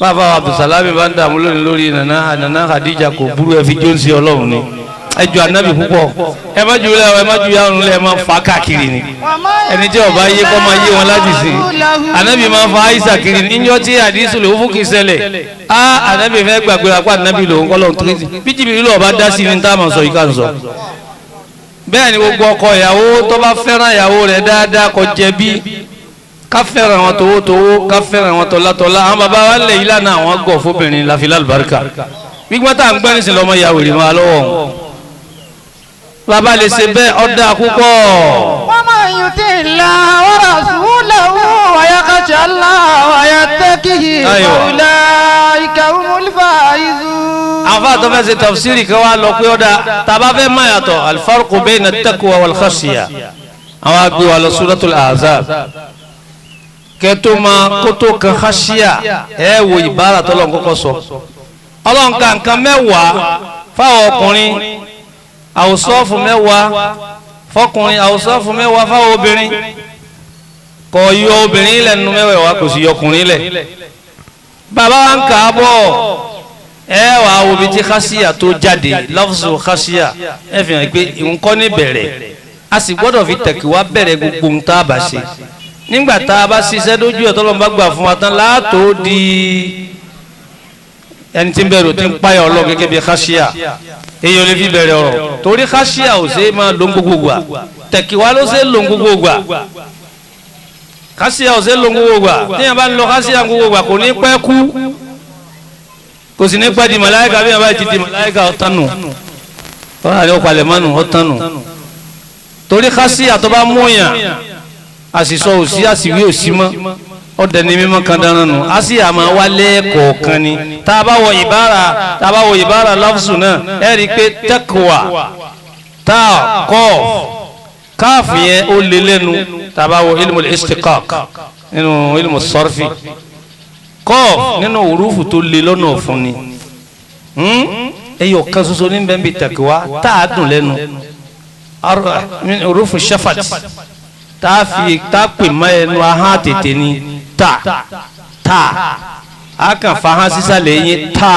bàbá Abdulsalami bá ń dààmú lórí nana nana Khadija kò burú ẹ fi jóńsì ọlọ́run ni ẹ jù ànábì púpọ̀ ẹ má jù lẹ́wọ̀ ẹ má jù yàrá lẹ́wọ̀ ẹ má fa káàkiri ni ẹni tí ọba yé kọ́ máa yé wọn láti sè ànábì máa fa àyíṣà kiri ni níjọ́ tí àdísù lòun fún kì í ṣẹlẹ̀ á ànábì fẹ́ gbàgbé apá ànábì lòun kọ́ lọ́n tóyìí bí jìbìrì lọ́ọ̀ bá dá sí ni táwọn sọ yìí ká sọ bẹ́ẹ̀ ni gbogbo ọkọ ìyàwó tó bá fẹ́ràn ìyàwó rẹ̀ dáadáa kò jẹ̀bi ká fẹ́ràn wọn towótowó ká fẹ́ràn wọn tọ́látọ́lá àwọn àwọn bàbá lè ṣe bẹ́ẹ̀ ọ̀dà púpọ̀. wọ́n máa yùn tí ì la wọ́rọ̀ sùúlẹ̀ wọ́n wáyà kàṣà ńlá wáyà tẹ́kìyì ìwọ̀lá ìkàwé mọ́lífà ìzú. àfa tó fẹ́ ṣe tafsiri kan wá lọ pé ọ̀dà tàbá fẹ́ máa yàtọ̀ al-farqu bayna at-taqwa wal-khashya àwọn àgbẹ̀ wà lọ suratul Ahzab kẹtó máa kótó kan khashya ẹ̀ wò ìbára tọ́lọ́ fáwọn ọkùnrin àwòsọ́ọ̀fù mẹ́wàá fọkùnrin àwòsọ́ọ̀fù mẹ́wàá fáwọn obìnrin kò yọ obìnrin lẹ̀ nínú mẹ́wàá wa kò sì yọ ọkùnrin lẹ̀ bàbá wa ń kà á bọ̀ ẹ wà á wo bí tí kásíyà tó jáde lafzu kásíyà ẹ fi hàn pé nǹkan ní bẹ̀rẹ̀ a sì gbọ́dọ̀ fi tẹ̀kí wá bẹ̀rẹ̀ gbogbo ohun tá a bá ṣe nígbà tá a bá ṣiṣẹ́ dójú ẹ̀ gbà fún wa tán láàtó di ẹni tí ń bẹ̀rù tí ń páyà ọlọ́run gẹ́gẹ́ bí xaṣíà èyí ò lè fi bẹ̀rẹ̀ ọ̀rọ̀ torí xaṣíà ò ṣe é máa lo gbogbo gbà tẹ̀kíwá ló ṣe é lo gbogbo gbà xaṣíà ò ṣe é lo gbogbo gbà téèyàn bá ń lo xaṣíà gbogbo gbà kò ní pẹ́ kú kò sì ní pẹ́ di màláyíkà bí wọn bá ti di màláyíkà ọ̀tánu wọn àlẹ́ ọ̀pàlẹ̀ mánu ọ̀tánu torí xaṣíà tó bá mú yàn àṣìṣọ òsì ọdẹ ni mímọ kan dáná nù a sì àmọ́ wálé kọ̀ọ̀kan ni tá a bá wọ ìbára tá a bá wọ ìbára láfùsù náà ẹ rí i pé tẹkùwà tá a kọ káàfù yẹn ó lé lẹ́nu tá a bá wọ ilmu istiqaq nínú ilmu sọrfi kọ nínú òrùfù tó lé lọ́nà ọ̀fun ni hmm? ẹyọ kan ṣoṣo ní bẹ́ẹ̀ bí tẹkùwà tá a dùn lẹ́nu òrùfù shafat tá a fi tá a pè mọ́ ẹnu ahọ́n tètè ni ta ta a kan fa hàn sísàlẹ̀ yín ta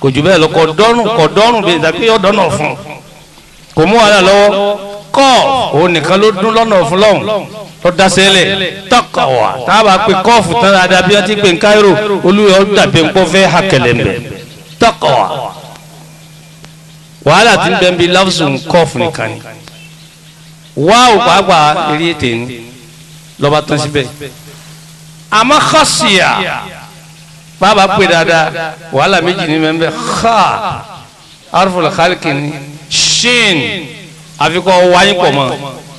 kò jù bẹ́ẹ̀ lọ kọ dọ́rùn kọ dọ́rùn bẹ́ẹ̀ tàbí yọ dọ́nà fún kò mú wàhálà lọ́wọ́ kọ́ òun nìkan ló dún lọ́nà fún lọ́hùn lọ dasẹ́lẹ̀ tọkọ̀wà tábà pé kọ́ọ̀fù tán dáadáa bí wọ́n ti pè ń káírò olúyọ̀ dàbí ń pọ́ fẹ́ hakẹ̀lẹ̀ ń wàhálà tí bẹ ń bi láfùsùn nìkan ni wá ò pàápàá eré tèmi lọ́ba tán síbẹ̀ àmọ́ xọ́sìyà bàbá pè dáadáa wàhálà méjì ní mẹ́mbẹ́ xa arúfọ̀lá kálíkì ni shin àfikọ́ wáyé pọ̀ mọ́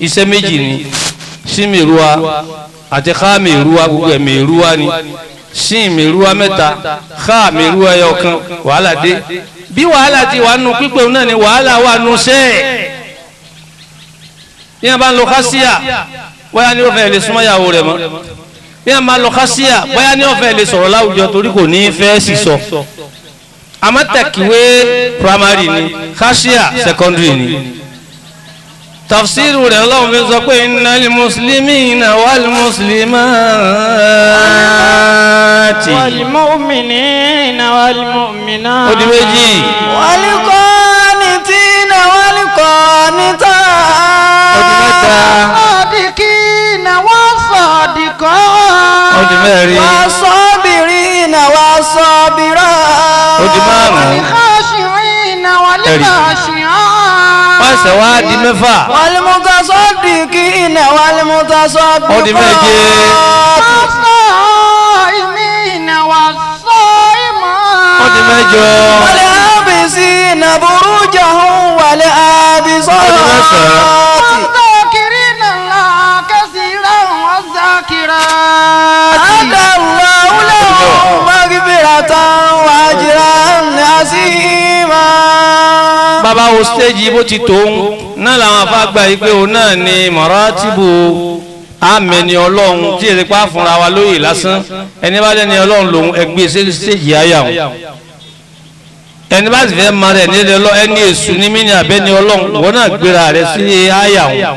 iṣẹ́ méjì ni shin mèrúwa àti xa mèrúwa gbogbo ẹ̀ mèrúwa ni shin mèrúwa mẹ́ta xa mèrúwa ẹyọ kan wàhálà dé bí wàhálà ti wà nù pípé náà ni wàhálà wà nù sẹ́ẹ̀ ní bá ń lo xásíyà wáyà ni ó fẹ́ lè súnmọ́ ìyàwó rẹ̀ mọ́ bí a máa lọ kásíà bóyá ní ọ̀fẹ́ lè sọ̀rọ̀ láwùjọ torí kò ní fẹ́ sì sọ amátàkìwé primary ni kásíà secondary ni tafsiru rẹ̀ ọlọ́run fi sọ pé innal muslimina wal muslimati wal mu'minina wal mu'minati ó di méjì wal qanitina wal qanitati ó di mẹ́ta. di mẹ́rin. wà á sọ bìrì iná wà á sọ bìrà. ó di márùn-ún. pàṣẹ wá di mẹ́fà. wàlímùtà sọ́ọ̀dì kí iná wàlímùtà sọ́ọ̀dì kọ́. méje. pàṣẹ ìmí iná wà sọ ìmọ̀. ó di wàlẹ́ àbísí nàbúrú jẹun wàlẹ́ àbísọ́. ó mẹ́sàn-án. عظيما bàbá wo stéèjì bó ti tó ń náà làwọn afágbà yìí pé òun náà ni mọ̀rátìbù amẹni ọlọ́run tí èdè pa fúnra wa lóyè lásán ẹni bá lẹ́ni ọlọ́run lòun ẹgbẹ́ e stéèjì ayà wọn ẹni bá sì fẹ́ máa rẹ̀ ní ẹlọ́ ẹni èṣù ní mí ní abẹ́ni ọlọ́run wọn náà gbéra rẹ̀ sí ayà wọn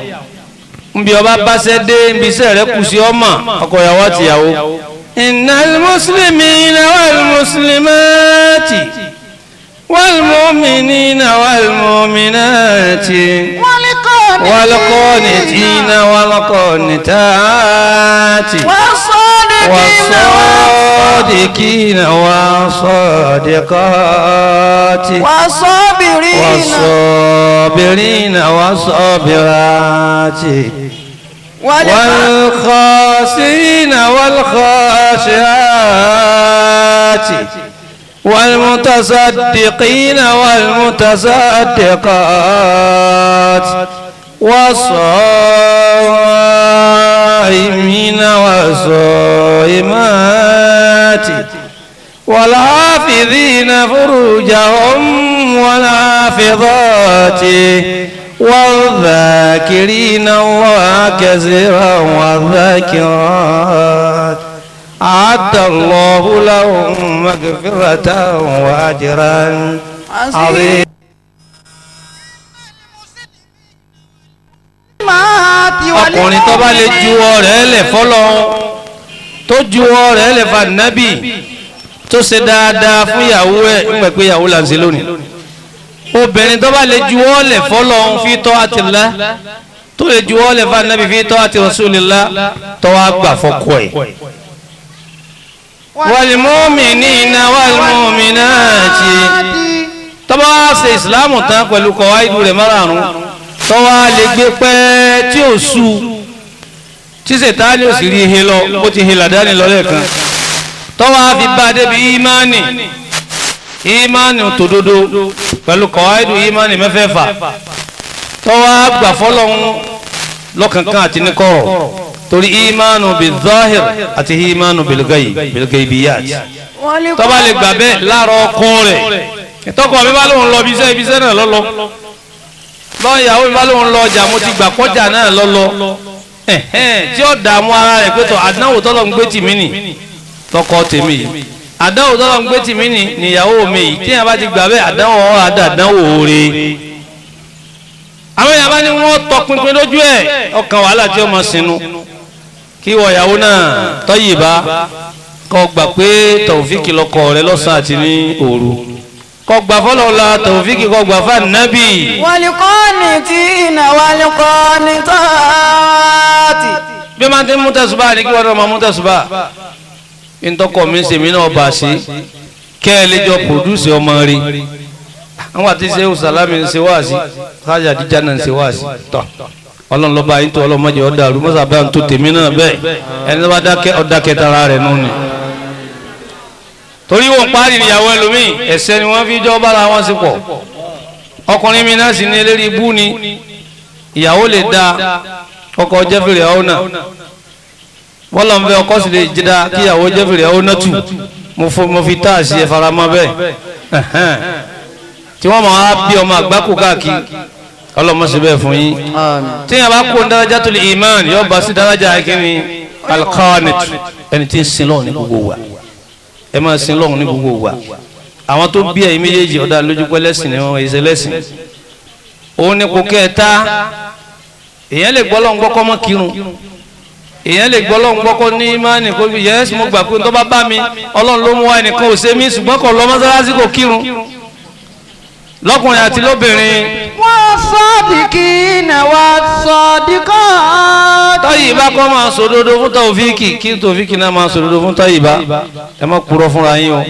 nbí ọba bá dé nbí iṣẹ́ rẹ̀ kù sí ọmọ ọkọ ìyàwó àtìyàwó. innal muslimina wal muslimati. والمؤمنين والمؤمنات والقانتين والقانتات والصادقين والصادقات والصابرين والصابرين والصابرات والخاسرين والخاشعات والمتصدقين والمتصدقات والصائمين والصائمات والحافظين فروجهم والحافظات والذاكرين الله كثيرا والذاكرات أعد الله لهم مغفرة وأجرا عظيما ọkùnrin tó bá lè juwọ́ rẹ̀ lẹ̀ fọ́lọ́ tó juwọ́ rẹ̀ lẹ̀ fa nábì tó ṣe dáadáa fún ìyàwó ẹ̀ nígbà pé ìyàwó là ń ṣe lónìí obìnrin tó bá lè juwọ́ lẹ̀ fọ́lọ́ fi tọ́ àtìlá tó lè juwọ́ lẹ̀ fa nábì fi tọ́ àti rasulillah tó wá gbà fọ́kọ wàlmúmìnínà wàlmúmìnáàtì tọ́bá ṣe ìsìláàmù tán pẹ̀lú kọ̀wá ìlú rẹ̀ márààrún tọ́wá lè gbé pẹ́ tí ò sú tí sètáni ò sì rí ihe lọ ó ti hìlà dání lọ́lẹ̀ kan tọ́wá fi bá débi ìmánì ìmánì tòdodo pẹ̀lú kọ̀wá ìlú ìmánì mẹ́fẹ̀ẹ̀fà tọ́wá gbà fọ́lọ́hún lọ́kànkán àti níkọ̀rọ̀ torí imanu bil zahir àti imanu bil gaib bil gaibiyat tó bá lè gbà bẹ́ẹ̀ láàárọ̀ ọkọ rẹ̀ tọkọ mi bá lóun lọ ibiṣẹ́ ibiṣẹ́ náà lọ́lọ́ lọ́wọ́ ìyàwó mi bá lóun lọ ọjà mo ti gbà kọjá náà lọ́lọ́ tí ó dààmú ara rẹ̀ pé tó àdánwò tọ́lọ́ ń gbé tì mí nì tọkọ tèmi yìí àdánwò tọ́lọ́ ń gbé tì mí nì níyàwó mi yìí tí yẹn bá ti gbà bẹ́ẹ̀ àdánwò ọ̀rọ̀ àdánwò oore àwọn ìyàbá ni wọ́n tọpinpin lójú ẹ̀ ọkàn wàhálà tí ó máa sinú kí wọ́n ìyàwó náà tọ́yì bá kọ́ gbà pé tọ̀fíkì lọ́kọ rẹ lọ́sàn àti ní òru kọ́ gbà fọ́lọ́ọ̀la tọ̀fíkì kọ́ gbà fà nábì. wàlíkọ́ọ̀nì tí ìnà wàlíkọ́ọ̀nì tọ́ọ̀tì. bí wọ́n ti mú tẹ̀sùbá ní kí wọ́n tó máa mú tẹ̀sùbá ń mi sèmi náà bà sí kẹ́ ẹ lè jọ pòdúsì ọmọ rí àwọn àti ṣe ọ̀sálàmì ń ṣe wáàsí kájà díjà náà ń ṣe wáàsí ọlọ́run lọ́ba yín tó ọlọ́mọdé ọ̀dà àlùmọ́sà bá ń tó tèmi náà bẹ́ẹ̀ ẹni tó bá dákẹ́ ọ̀dà kẹtara rẹ̀ nù ni. torí wọn parí ìyàwó ẹlòmíì ẹ̀ṣẹ̀ ni wọ́n fi jọ́ bára wọn sí pọ̀ ọkùnrin mi náà sì ní eléré ibú ni ìyàwó lè da ọkọ jẹ́fìrì ọ̀hún náà bọ́lá ń fẹ́ ọkọ sì lè jẹ́ da kí ìyàwó jẹ́fìrì ọ̀hún náà tù mo fi tá àṣì ẹ̀fara mọ́ bẹ́ẹ̀ tí wọ́n máa bí ọmọ àgbákò káàkiri ọlọ́mọ́sí bẹ́ẹ̀ fún yín tí yàn bá kó dáradá tó lè iman yóò bá sí dáradá akínní alkanet ẹni tí ń sin lọ́wọ́ ní gbogbo wa ẹ máa sin lọ́wọ́ ní gbogbo wa àwọn tó bí ẹ̀yin méjèèjì ọ̀dà lójúpẹ́ lẹ́sìn ni wọ́n ṣe lẹ́sìn òun ni kò kẹta èèyàn lè gbọ́ lọ́wọ́ gbọ́kọ́ mọ́ kírun èèyàn lè gbọ́ lọ́wọ́ gbọ́kọ́ ní imáni kó yẹ́sì mo gbà pé tó bá bá mi ọlọ́run ló mú wa ẹnìkan ò lọ́kùnrin àti lóbìnrin. wọ́n sàdíkínà wá sàdíkàn. tọ́yìnbá kọ́ máa sòdodo fún tọ́fíìkì kí tọ́fíìkì náà máa sòdodo fún tọ́yìnbá ẹ má kúrọ́ fúnra yín o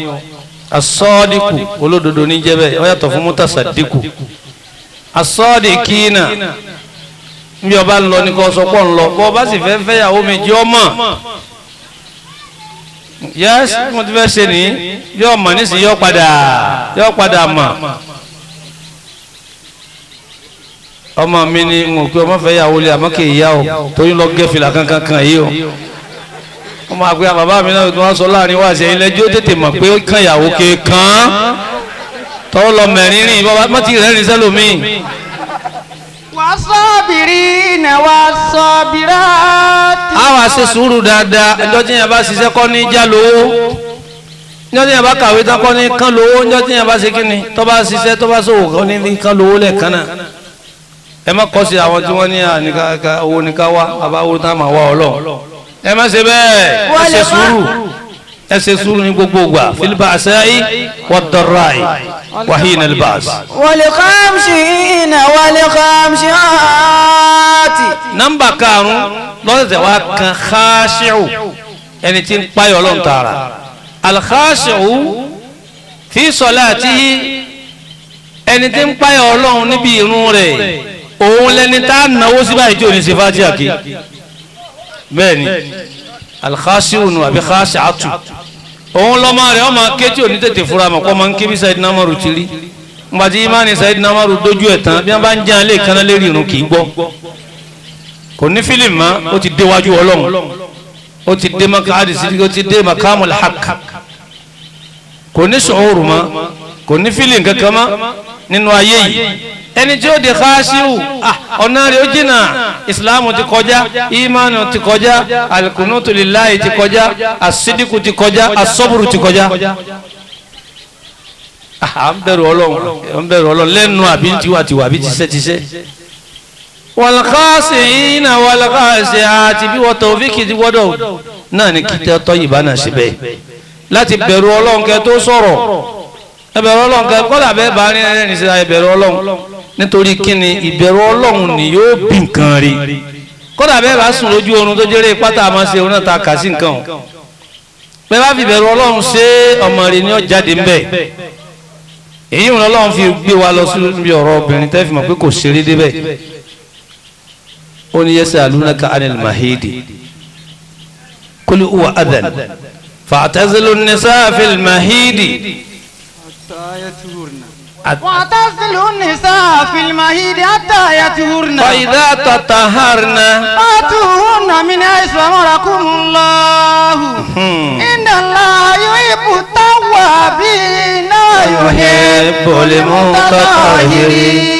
asọ́ọ̀dìkù olódodo ní jẹ́ bẹ́ẹ̀ ó yàtọ̀ fún mutasaddiqu asọ́ọ̀dìkínà bí ọba ń lọ ní kò sọ pọ̀ ń lọ bọ́ ọba sì fẹ́ fẹ́yàwó mi jẹ́ ọmọ yẹ́sì mo ti fẹ́ ṣe nìyí yọ ọmọ nísìnyí yọ padà yọ padà mọ̀ ọmọ mi ni mo pe ọmọ fẹ́ yàwó lé àmọ́ kì í yá o torí lọ gẹ́ fìlà kankan kan yìí o ọmọ àgbẹ̀ bàbá mi náà tí wọ́n sọ láàrin wá sí ẹ̀yin lẹ́jọ́ tètè mọ̀ pé ó kàn yàwó kéèkan tọ́wọ́ lọ mẹ́rin rìn bàbá má ti rẹ́rìn sẹ́lómi. wàá sọ́ọ̀bìrì iná wàá sọ́ọ̀bìrà. a wá ṣe sùúrù dáadáa ẹjọ́ tí yẹn bá ṣiṣẹ́ kọ́ ní já lówó ẹjọ́ tí yẹn bá kàwé tán kọ́ ní kán lówó ẹjọ́ tí yẹn bá ṣe kíni tó bá ṣiṣẹ́ tó ṣòwò kọ́ ní kán lówó lẹ́ẹ̀kan náà ẹ má kọ́ sí àwọn tí wọ́n ní owó ní ká wá àbáwó tá a máa wá ọlọ́run ẹ má ṣe bẹ́ẹ̀ ẹ ṣe sùúrù ẹ ṣe sùúrù ní gbogbo ìgbà filipa asayi wàdọ̀ráì wàhíìn elbas. wàlíkàmṣì iná wàlíkàmṣì àti. nọ́mbà karùn lọ́sẹ̀ wa kan xaṣẹ́wò ẹni tí ń payọ̀ ọlọ́run tààrà alxaṣẹ́wò fi sọ̀lá àti ẹni tí ń payọ̀ ọlọ́run níbi ìrun rẹ̀ òun lẹni tá a náwó síbà yìí tí ò ní ṣe fàájìyà kí bẹ́ẹ̀ ni alxasiwunu àbí xasiatu òun lọ́mọ rẹ̀ ọmọ akéjì òní tètè fura mọ̀ kọ́ máa ń kébí sayid namaru ti rí ngbàtí imáni sayid namaru dojú ẹ̀ tán bí wọ́n bá ń jẹ́ alẹ́ ìkànnà lérí irun kì í gbọ́ kò ní fílìmù mọ́ ó ti déwájú ọlọ́run ó ti dé makamu al kò ní sọ̀rọ̀ mọ́ kò ní fílì kankan mọ́ nínú ayé yìí ẹni tí ó di káṣíù ah, ọ̀nà rẹ̀ ó jìnnà ìsìláàmù ti kọjá ìmánu ti kọjá alikunutu lillahi ti kọjá asídìkù ti kọjá asọ́bùrù ti kọjá ah, à ń bẹ̀rù ọlọ́run à ń bẹ̀rù ọlọ́run lẹ́nu àbí tiwàtiwà àbí tiṣẹ́tiṣẹ́ wàlàkàṣe iná wàlàkàṣe àti bí wọ́n tọ́ fíkì ti wọ́dọ̀ náà ni kí tẹ́ tọ́ yìí bá náà ṣe bẹ́ẹ̀ láti bẹ̀rù ọlọ́run kẹ́ tó sọ̀rọ̀ ẹbẹ̀rù ọlọ́run kan kọ́lá bẹ́ẹ̀ bá rí ẹrẹ́rìn sí ẹbẹ̀rù ọlọ́run nítorí kíni ìbẹ̀rù ọlọ́run ni yóò bí nǹkan rí kọ́lá bẹ́ẹ̀ bá sùn lójú oorun tó jẹ́rẹ́ pátá àmọ́ ṣe òun náà ta kà sí nǹkan o bẹ́ẹ̀ bá fi bẹ̀rù ọlọ́run ṣe ọmọ rẹ̀ ni ó ń bẹ̀ èyí ìrìn ọlọ́run fi gbé wa lọ sí ibi ọ̀rọ̀ obìnrin tẹ́ fi mọ̀ pé kò ṣeré débẹ̀ ó ní yẹsẹ̀ alúnaka anil mahidi kólú uwa adan fa'tazilu mahidi. وتغسل النساء في المهيد حتى يطهرن فإذا تطهرن فاتوهن من حيث أمركم الله إن الله يحب التوابين يحب المتطهرين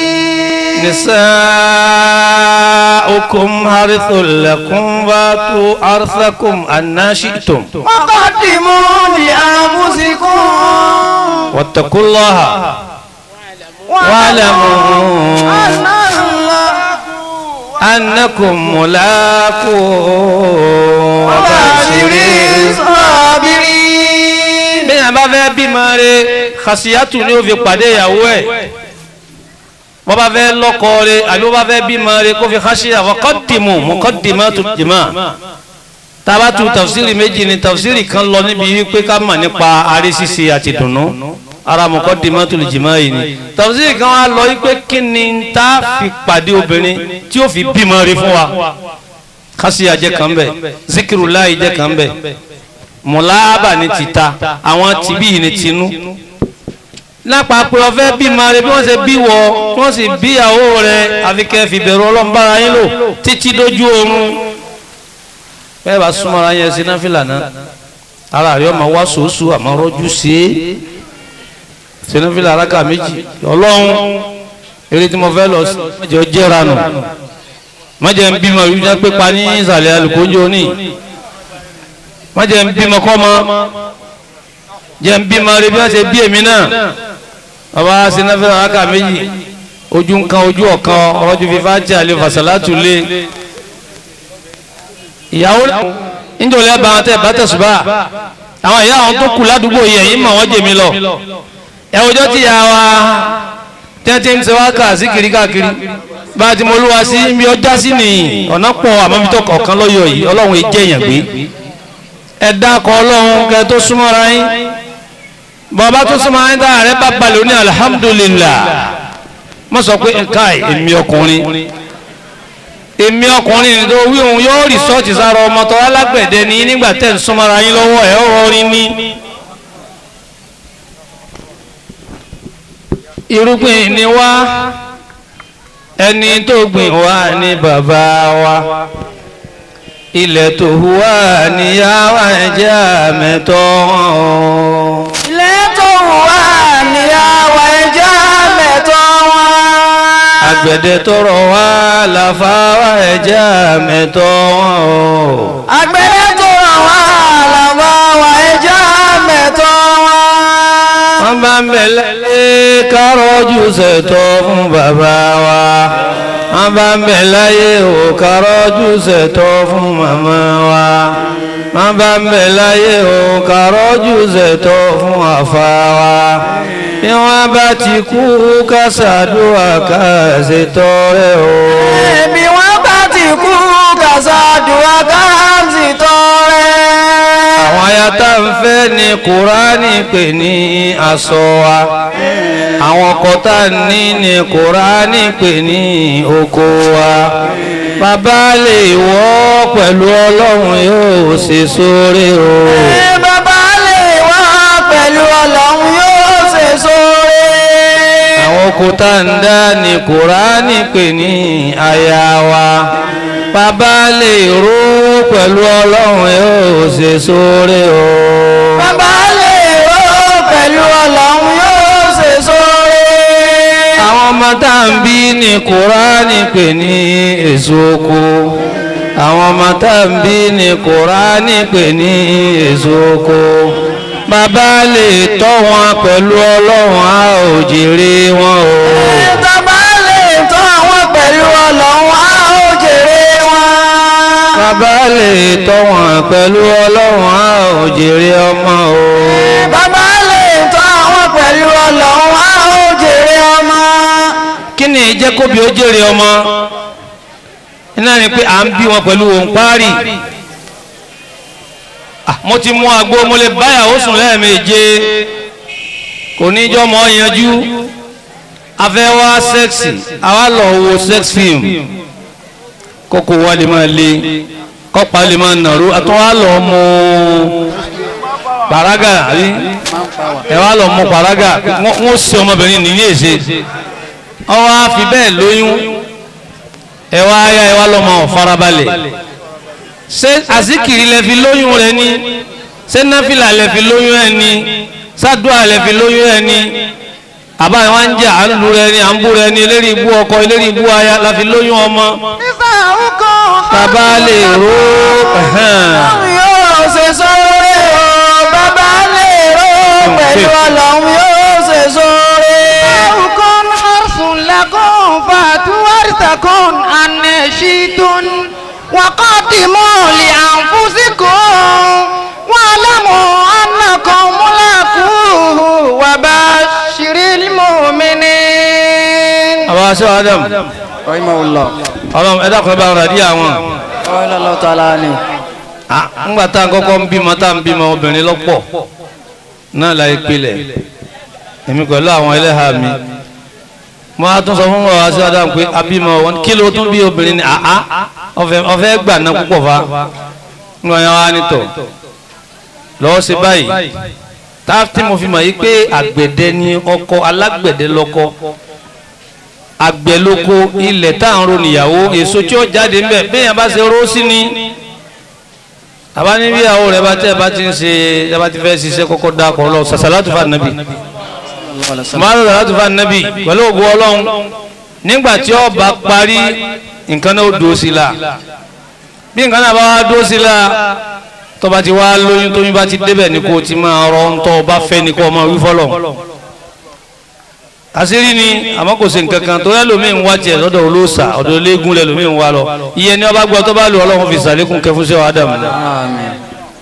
نساؤكم حرث لكم واتوا حرثكم أن شئتم وقدموا لأنفسكم واتقوا الله واعلموا أنكم ملاقوه وبشروا الصابرين bẹ́ẹ̀ bá fẹ́ bímọ rẹ̀ kàṣíyàtù ni ó fi pàdé ìyàwó ẹ̀ bó bá fẹ́ lọ́kọ rẹ̀ àbí bó bá fẹ́ bímọ rẹ̀ kó fi kàṣíyà wọ́n kọ́ dìmọ̀ mọ́ kọ́ dìmọ̀ tó dìmọ̀ tabatu tafsiri méjì ni tafsiri kan lọ níbi wípé ká mọ̀ nípa arí ṣíṣe àti dùnnú ara mọ̀kọ́ dimatul jìmá yìí ni tafsiri kan wá lọ wípé kí ni tá fi pàdé obìnrin tí ó fi bímọ rí fún wa kásíyà jẹ́ kan bẹ̀ zikirulayi jẹ́ kan bẹ̀ mọ̀láàbà ni tìta àwọn tìbí yìí ni tinú lápapọ̀ ọ̀fẹ́ bímọ rẹ bí wọ́n ṣe bí wọ wọ́n sì bíyàwó rẹ àfikẹ́ fìbẹ̀rù ọlọ́mbára yín lò títí dójú oorun bẹ́ẹ̀ bá súnmọ́ ara yẹn sí náfìlà náà ara rẹ̀ ọmọ wá sòsò àmọ́ rọ́jú sí é sí náfìlà alákà méjì ọlọ́run eré tí mo fẹ́ lọ sí mọ̀jẹ̀ jẹ́ra nù mọ̀jẹ̀ ń bímọ ìlú jẹ́ pípa ní ìsàlẹ̀ alùpùpù ní mọ̀jẹ̀ ń bímọ kọ́ mọ́ jẹ́ ń bímọ rẹ bí wọ́n ṣe bí èmi náà bàbá sí náfìlà alákà méjì ojú ń kan ojú ọ̀kan ọ̀rọ̀jú fífá jẹ́ àlè fàṣàlátù lé ìyàwó níjọlẹ bá wọn tẹ bá tẹsùbà àwọn ìyá àwọn tó kù ládùúgbò yìí ẹ̀yin mọ̀ wọ́n jẹ mí lọ ẹ wọjọ tí ya wa tẹ́tí ń sẹ́wá kà sí kiri bá a ti mọ olúwa sí ibi ọjà sí nìyí ọ̀nà pọ̀ àmọ́bitọ́ kọ̀ọ̀kan lọ́yọ̀ yìí ọlọ́run èyí jẹ́ èèyàn gbé ẹ dákọ̀ ọlọ́run kẹ tó súnmọ́ra yín bàbá tó súnmọ́ ayé dáa rẹ bá balẹ̀ ó ní alihamudulilayi mo sọ pé nǹkan èmi ọkùnrin èmi ọkùnrin tó wí òun yóò rí sọ́ọ̀tì sára ọmọ tó alágbẹ̀dẹ ní nígbà tẹ́ ń súnmọ́ra yín lọ́wọ́ ẹ̀ ọ̀rọ̀ rí ní. irúgbìn ni wá ẹni tó gbìn wá ní bàbá wa ilẹ̀ tó hù wá níyàwó ẹ̀jẹ̀ àmẹ́tọ́. ilẹ̀ tó wá níyàwó. agbẹ̀dẹ tọrọ wá làfáwá ẹ̀já mẹ́tọ́ wọn o. agbẹ̀dẹ tọrọ wá làfáwá ẹ̀já mẹ́tọ́ wọn. wọ́n bá ń bẹ̀lẹ́ kárọ́jù ṣètò fún bàbá wa wọ́n bá ń bẹ̀láyé ò kárọ́jù ṣètò fún màmá wa má bá ń bẹ̀ láyé òun kàrọ́jù zẹ̀tọ́ fún àfa wa bá ti kú ká ṣàdúrà ká ṣètọ́ rẹ̀ o. bí wọ́n bá ti kú ká ṣàdúrà ká ṣètọ́ rẹ̀ àwọn ayata ń fẹ́ ni kùránì pè ní aṣọ wa àwọn ọkọ̀ tá ní ni kùránì pè ní oko wa bàbá lè wọ́ pẹ̀lú ọlọ́run yóò ṣe sóre o. bàbá lè wọ́ pẹ̀lú ọlọ́run yóò ṣe sóre. àwọn ọkọ̀ tá ń dá ni kùránì pè ní aya wa bàbá lè rú pẹ̀lú ọlọ́run yóò ṣe sóore o. bàbá lè ró pẹ̀lú ọlọ́run yóò ṣe sóore. àwọn ọmọ tá à ń bí ní kúránì pè ní èso oko àwọn ọmọ tá à ń bí ní kúránì pè ní èso oko bàbá lè tọ́ wọn pẹ̀lú ọlọ́run a ò jèrè wọn o. bá lè tọ́ wọn pẹ̀lú ọlọ́run á ọmọ o. bàbá lè tọ́ àwọn pẹ̀lú ọlọ́run á ò jèrè ọmọ. kí ni ìjẹ́ kóbi ó jèrè ọmọ iná ni pé à ń bí wọn pẹ̀lú òun mo ti mú agbó mo lè báyàwó sùn lẹ́ẹ̀méje kò ní jọ́ mọ́ yanjú afẹ́ wá sẹ́ksì àwa lọ wo sex film kókó wa lè máa le. le kọ́pa lè máa nàró àtúwá lọ mú pàrágà àbí ẹ wá lọ mú pàrágà wọ́n ṣe ọmọbìnrin nìyí èṣe wọ́n wá fi bẹ́ẹ̀ lóyún ẹ wá yá ẹ wá lọ mọ farabalẹ̀ ṣé àsìkiri lẹ fi lóyún rẹ ni ṣé náfìlà lẹ fi lóyún ẹ ni ṣàdúrà lẹ fi lóyún ẹ ni àbá wọn ń jà à ń lu rẹ ni à ń bú rẹ ni eléri ibú ọkọ eléri ibú aya la lóyún ọmọ. nígbà òkò bàbá lè ró. yóò ṣe sóore o bàbá lè ró pẹ̀lú ọlọ́run yóò ṣe sóore. bàbá ṣe adam ọlọ́run ẹ̀dá kan bá rà dí àwọn ńgbà tá n kọ́kọ́ ń bímọ tá n bímọ obìnrin lọ́pọ̀ náà la ìpìlẹ̀ èmi pẹ̀lú àwọn ẹlẹ́hà mi mo á tún sọ fún bàbá ṣe adam pé abímọ wọn kí ló tún bí obìnrin ni àá ọ̀fẹ́ gbà náà púpọ̀ fa ńlọ yẹn wá nítọ̀ lọ́wọ́ ṣe báyìí táàtì mo fi mọ̀ yí pé àgbẹ̀dẹ ni ọkọ alágbẹ̀dẹ lọ́kọ àgbẹ̀lóko ilẹ̀ tá à ń ro níyàwó èso tí ó jáde ńbẹ bẹ́ẹ̀ bá ṣe ró sí ni àbá ní bí àwọn rẹ̀ bá tẹ́ bá ti ń ṣe yaba ti fẹ́ ṣiṣẹ́ kọ́kọ́ dá kọ́ lọ sàṣàlátù fún anabi mọ́tò sàṣàlátù fún anabi pẹ̀lú ògùn ọlọ́run nígbà tí ó bá parí nǹkan náà ó dúró sí la bí nǹkan náà bá wá dúró sí la tó ti wá lóyún tóyún bá ti débẹ̀ ni kò ti máa rọ ń tọ́ ọ bá fẹ́ ni kò máa wí fọ́lọ́ àṣírí ni àmọ́ kò ṣe nǹkan kan tó lẹ́lòmíì ń wá tiẹ̀ lọ́dọ̀ olóòṣà ọ̀dọ̀ ológun lẹ́lòmíì ń wá lọ iye ni ọba gbọ́ tó bá lò ọlọ́run fi sàlékún kẹfún sí ọ̀hádàmù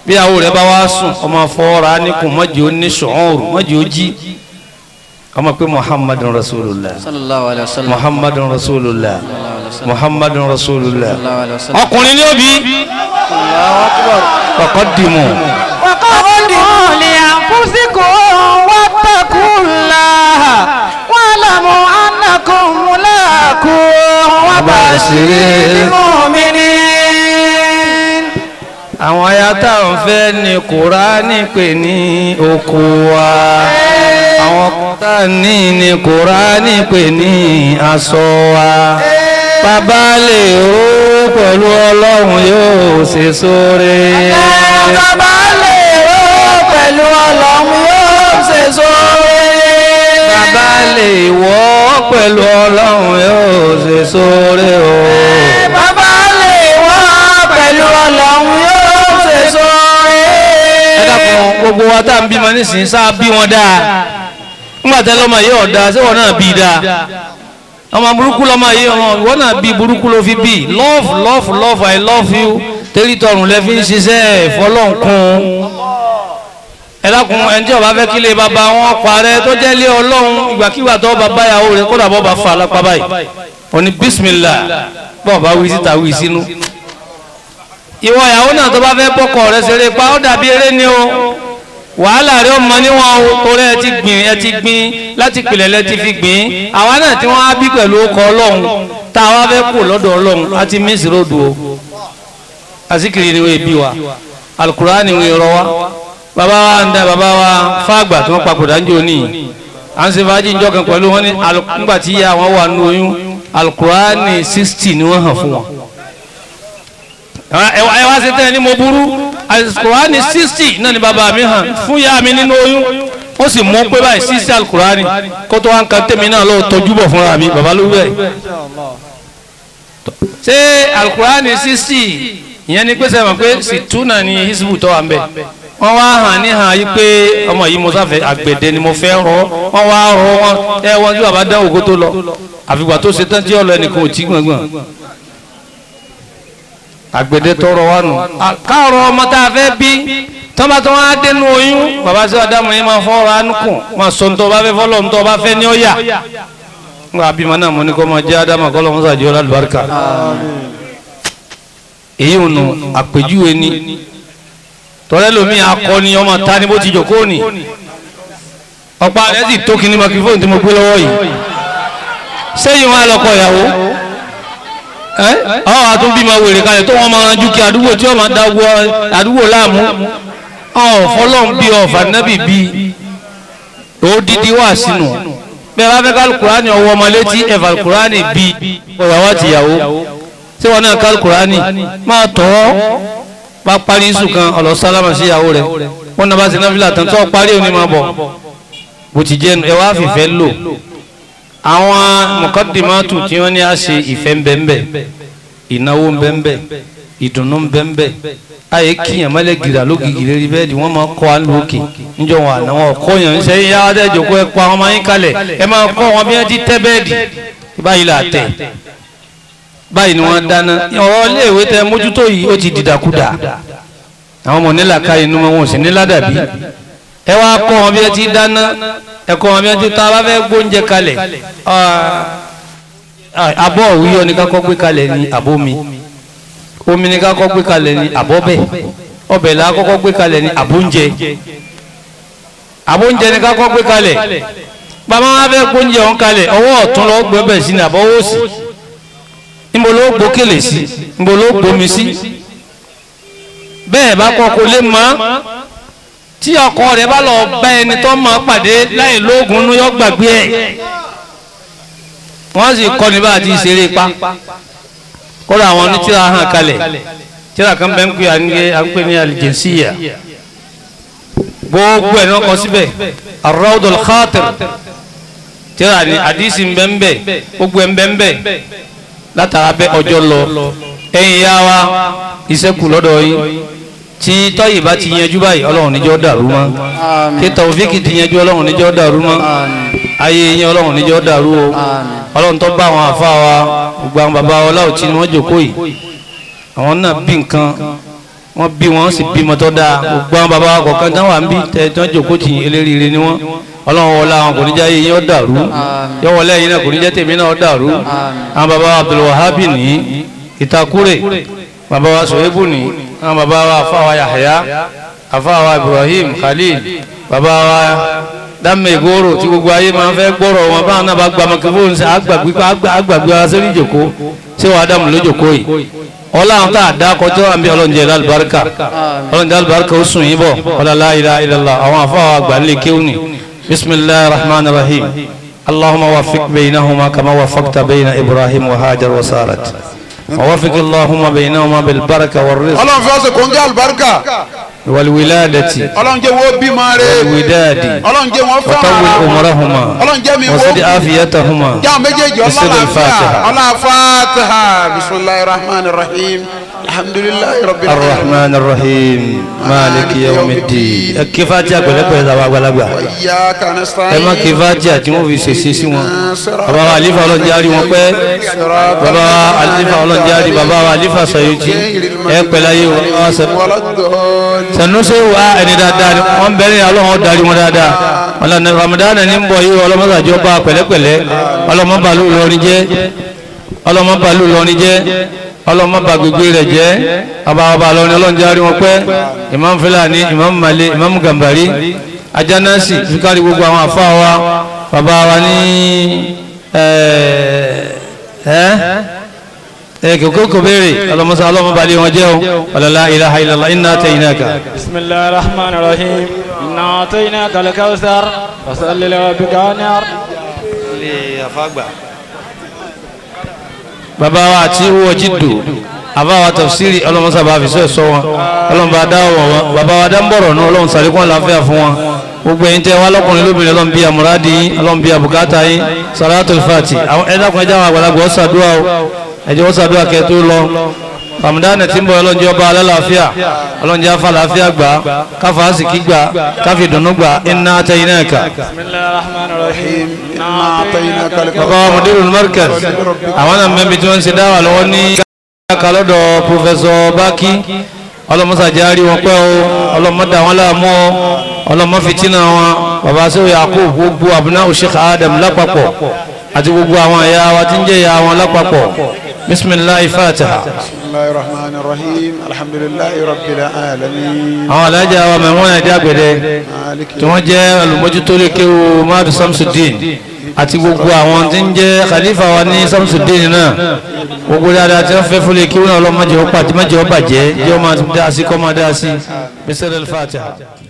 bí àwọn rẹ̀ bá wá sùn ọmọ fọ́ra níkùn mọ́jì ó ní sùúrù mọ́jì ó jí ọmọ pé muhammadun rasulullah muhammadun rasulullah muhammadun rasulullah ọkùnrin ni ó bí kọ̀kọ́ dìmú. kọ̀kọ́ dìmú lè àkúsí kò wá takùn láà. أنكم ملاقوه وبشر àwọn aya tá à ń fẹ́ ni kùránì pè ní oko wa eh. àwọn tá à ní ni kùránì pè ní aṣọ wa eh. bàbá lè ró pẹ̀lú ọlọ́run yóò ṣe sóore. Eh, bàbá lè ró pẹ̀lú ọlọ́run yóò ṣe sóore bá lè wọ́ pẹ̀lú ọlọ́run yóò ṣe sóore o. bàbá lè wọ́ pẹ̀lú ọlọ́run yóò ṣe sóore. ẹ dákun gbogbo wa tá à ń bímọ nísìnyí sáà bí wọn dáa nígbà tẹ lọ́mọ yìí ọ̀dà ṣé wọn náà bí dáa ọmọ burúkú lọ́mọ yìí ọmọ ìwọ náà bí burúkú ló fi bí love love love i love you tẹ́lítọ̀rùn lẹ́fí ń ṣiṣẹ́ ìfọlọ́nkún ẹlákun ẹnjẹ ọba fẹ́ kílé bàbá wọn parẹ́ tó jẹ́ lé Ọlọ́run ìgbàkígbà tó bàbá yàwó rẹ̀ kódà bọ́ bá fa alápá báyìí ó ní bísímìlà bọ́ọ̀ bá wí síta wí sínú. ìwọ ìyàwó náà tó bá fẹ́ bọ́kọ rẹ̀ ṣeré pa ó dàbí eré ni o wàhálà rẹ̀ ó mọ níwọ̀n o torí ẹ ti gbìn ẹ ti gbìn láti pìlẹ̀ lẹ ti fi gbìn àwa náà tí wọ́n á bí pẹ̀lú ọkọ̀ Ọlọ́run tá a wá fẹ́ kù lọ́dọ̀ Ọlọ́run á ti mí ìṣòro dùn o àsìkiri ni wọ́n èbí wa alukurani wọ́n èrò wa bàbá wa ń da bàbá wa fáàgbà tí wọ́n papòdà ń jò ní à ń ṣe fàájì ìjọ kan pẹ̀lú wọn ní nígbà tí ìyá wọn wà nínú oyún alukurani sixty ni wọ́n hàn fún wọn. ẹ wá ṣe tẹ́lẹ̀ ní mo burú alukurani sixty náà ni bàbá mi hàn fún ìyá mi nínú oyún ó sì mú pé báyìí sixty alukurani kó tó wá ń kan tèmi náà lọ́wọ́ tọ́jú bọ̀ fúnra mi bàbá ló bẹ̀rẹ̀ ṣé alukurani sixty ìyẹn ni pé sẹ́wọ̀n pé situna ni hisbu tó wà ń bẹ̀ wọ́n wá hàn níhàn yí pé ọmọ yìí mo sáfẹ́ àgbẹ̀dẹ ni mo fẹ́ rọ wọ́n wá rọ wọn ẹ wọn yóò bá dá ògo tó lọ àfìgbà tó ṣe tán tí ọ̀lọ́ ẹnìkan ò tí gbọ̀ngbọ̀n àgbẹ̀dẹ tọrọ wa nù. káàrọ̀ ọmọ tá a fẹ́ bí tọ́ba tó wá dénú oyún bàbá sí ọ̀dàmù yìí máa fọ́ọ̀rọ̀ anukùn máa sọ ntọ́ bá fẹ́ fọ́lọ́ ntọ́ bá fẹ́ ní ọ̀yà. nga abimọ ni tọ́lẹ́ lomi akọni ọmọ ta ni bó ti jòkó ni ọ̀pá rẹ̀ sì tó kí ni microphone tí mo gbé lọ́wọ́ yìí sẹ́yìn wọn lọ́kọ ìyàwó ọ̀ àtún bímọ wèrè kalẹ̀ tó wọn máa ju kí àdúgbò tí wọn máa da wọ àdúgbò láàmú ọ̀ fọlọ́n bí ọ̀fà nẹ́bì bí ó dídí wà sínú bẹ́ẹ̀ bá fẹ́ ká alukurani ọwọ́ ọmọ létí ẹ̀fà alukurani bí ọ̀rọ̀ àwọn àtìyàwó tí wọn náà ká máa tọ́ bá parí sùn kan ọ̀lọ́ sálámà sí ìyàwó rẹ̀ wọ́n náà bá ti náfìlà tán tó parí òní máa bọ̀ bó ti jẹ́ ẹ wá fìfẹ́ lò àwọn mọ̀kọ́dìmọ́tù tí wọ́n ní á ṣe ìfẹ́ ńbẹ́ńbẹ́ ìnáwó ńbẹ́ńbẹ́ ìdùnnú ńbẹ́ńbẹ́ ayé kíyàn mọ́lẹ̀ gírà lógìgì lérí bẹ́ẹ̀dì wọ́n máa kọ́ alóòkè níjọ wọn àná wọn kọ́ yàn ń sẹ́ yá adẹ́jọ́ kó ẹ pa wọn máa kalẹ̀ ẹ máa kọ́ wọn bí wọ́n ti tẹ́ bẹ́ẹ̀dì báyìí là tẹ̀ báyìí ni wọ́n dáná ọ iléèwé tẹ mójútó yìí ó ti dìdàkudà àwọn ọmọ nílàka inú wọn ò sì ní ládàbí ẹ wá wọn bí ẹ ti dáná ẹ kọ́ wọn bí ti ta bá fẹ́ gbóúnjẹ kalẹ̀ abọ́ ni gbé kalẹ̀ ni àbómi omi ni gbé kalẹ̀ ọbẹ gbé ni kakọ́ gbé wọn gbóúnjẹ wọn lọ sí níbo ló gbókèlè sí níbo ló gbomi sí bẹ́ẹ̀ bá kọ́ kó lè mọ́ tí ọkọ rẹ̀ bá lọ bá ẹni tó mọ̀ pàdé láì lóògùn nú yọ gbàgbé ẹ̀ wọ́n sì kọ́ ní bá àti ìṣeré pa kọ́ra àwọn onítìrà hàn kalẹ̀ tíra kan bẹ́ẹ̀ ń pè à ń pè ní alìjẹ̀nsíyà gbogbo ẹ̀ náà kọ síbẹ̀ arọ́dọ̀lù khatir tíra ní àdìsí ń bẹ́ẹ̀ ń bẹ́ẹ̀ gbogbo ẹ̀ ń bẹ́ẹ̀ ń bẹ́ẹ̀ látara bẹ́ ọjọ́ lọ ẹ̀yin yá wa ìṣẹ́kù lọ́dọ̀ yín tí tọ́yì bá ti yanjú báyìí ọlọ́run níjọ́ dàrú mọ́ kí tàwọ́fíkì ti yanjú ọlọ́run níjọ́ dàrú mọ́ ayé yín ọlọ́run níjọ́ dàrú o ọlọ́run tó bá àwọn àfa wa gbogbo àwọn baba wa láwùjọ ni wọ́n jòkó yìí àwọn náà bí nǹkan wọ́n bí wọ́n sì bímọ tó dáa gbogbo àwọn bàbá wa kọ̀ọ̀kan táwọn à ń bí tẹ̀ tí jòkó tì eléríire ni wọ́n ọlọ́run wọlé àwọn kò ní jẹ́ yín ó dàrú yọ wọlé yín náà kò ní jẹ́ tèmi náà ó dàrú àwọn baba abdulwahabi ní ìtakúrè baba wa sòwébù ní àwọn baba wa afáwa yahya afáwa ibrahim khalil baba wa dámé ìgboro tí gbogbo ayé máa ń fẹ́ gbọ́rọ̀ wọn báwọn náà bá gba microphone sí agbàgbé agbàgbé ara sórí ìjòkó tí wọ́n adamu lójòkó yìí ọlọ́run tá a dá kọjọ́ àmì ọlọ́njẹ́ lálùbáríkà ọlọ́njẹ́ lálùbáríkà ó sùn yín bọ̀ ọlọ́lá ìlà ìlàlá àwọn afọ́ àgbà nílé kéwù ni. بسم الله الرحمن الرحيم اللهم وفق بينهما كما وفقت بين إبراهيم وهاجر وسارت ووفق اللهم بينهما بالبركة والرزق اللهم فاسق كونجا البركة والولادة والوداد وطول أمرهما وسد آفيتهما بسد الفاتحة الفاتحة بسم الله الرحمن الرحيم alhamdulilayi rabbil alamin arrahman arrahim maliki yawmiddin ẹ kí fatiha pẹ̀lẹ́pẹ̀lẹ́ tàbá àgbàlagbà ẹ má kí fatiha tí wọn fi ṣèṣe sí wọn bàbá wa alifa ọlọ́njẹ́ àrí wọn pẹ́ bàbá wa alifa ọlọ́njẹ́ àrí bàbá wa alifa sayuti ẹ pẹ̀lẹ́ ayé wọn sanusi wa ẹni dáadáa wọn bẹ̀rẹ̀ ọlọ́wọ́n darí wọn dáadáa ọlọ́ni ramadan ní bọ̀ yìí ọlọ́mọdàjọ́ bá pẹ̀lẹ́pẹ̀lẹ́ ọlọ́mọbalú lọ́rin jẹ́ ọlọ́mọbalú lọ́rin jẹ́ ọlọ́mọ bá gbogbo rẹ̀ jẹ́ ọba ọba lọ́rin ọlọ́njẹ́ rí wọn pẹ́ imam filani imam male imam gambari ajanasi fúkàrí gbogbo àwọn àfa wa bàbá wa ní ẹ̀ẹ́kẹ̀kọ́ bèèrè ọlọ́mọsá ọlọ́mọ bá lé wọn jẹ́ o la ilaha illallah inna ataynaka bismillahir rahmanir rahim inna ataynaka al-kawthar fasalli li rabbika wanhar lè àfágbà Baba wa àti wọ́n jìdò àbáwa tafsiri ọlọ́run sábà àfisọ́ ẹ̀sọ́ wọn ọlọ́run bá dá wọn wọn bàbá wa dá ń bọ̀rọ̀ náà ọlọ́run sàlékún àlàáfíà fún wọn gbogbo ẹ̀yin tẹ́ wá lọ́kùnrin lóbìnrin ọlọ́run bí àmúradì yín ọlọ́run bí àbùkátà salatul fati ẹ̀dàkùnrin jáwọn àgbàlagbà ọ̀sàdúrà ẹ̀jẹ̀ ọ̀sàdúrà kẹ́ tó lọ ramadan ti ń bọ̀ ọlọ́njẹ́ ọba alálàáfíà ọlọ́njẹ́ afálàáfíà gbà káfà àsìkí gbà káfì dùnú gbà inna ataynaka. bàbá wa mudirul markaz àwọn náà mẹ́bi tí wọ́n ń ṣe dáwà lọ́wọ́ ní kálọ́dọ̀ pòfẹ́sọ bákí ọlọ́mọ́sàjá rí wọn pẹ́ o ọlọ́mọ́dà wọn láàmú o ọlọ́mọ́fìtínà wọn bàbá sẹ́wọ̀ yakub gbogbo abúná òṣèkà adam lápapọ̀ àti gbogbo àwọn ẹ̀yà wa ti ń jẹ́ ìyá wọn lápapọ̀. بسم الله الفاتحة بسم الله الرحمن الرحيم الحمد لله رب العالمين àwọn alájà wa mẹ́wọ́n ẹ̀dá gbẹ̀dẹ̀ tí wọ́n jẹ́ olùmójútó lè kéwu madu samsudin àti gbogbo àwọn tí ń jẹ́ khalifa wa ní samsudin náà gbogbo dáadáa tí wọ́n fẹ́ fún lè kéwu náà lọ́mọdé ó bàjẹ́ jẹ́ ọmọ àti dáa sí kọ́ máa dáa sí bísí al-Fatiha.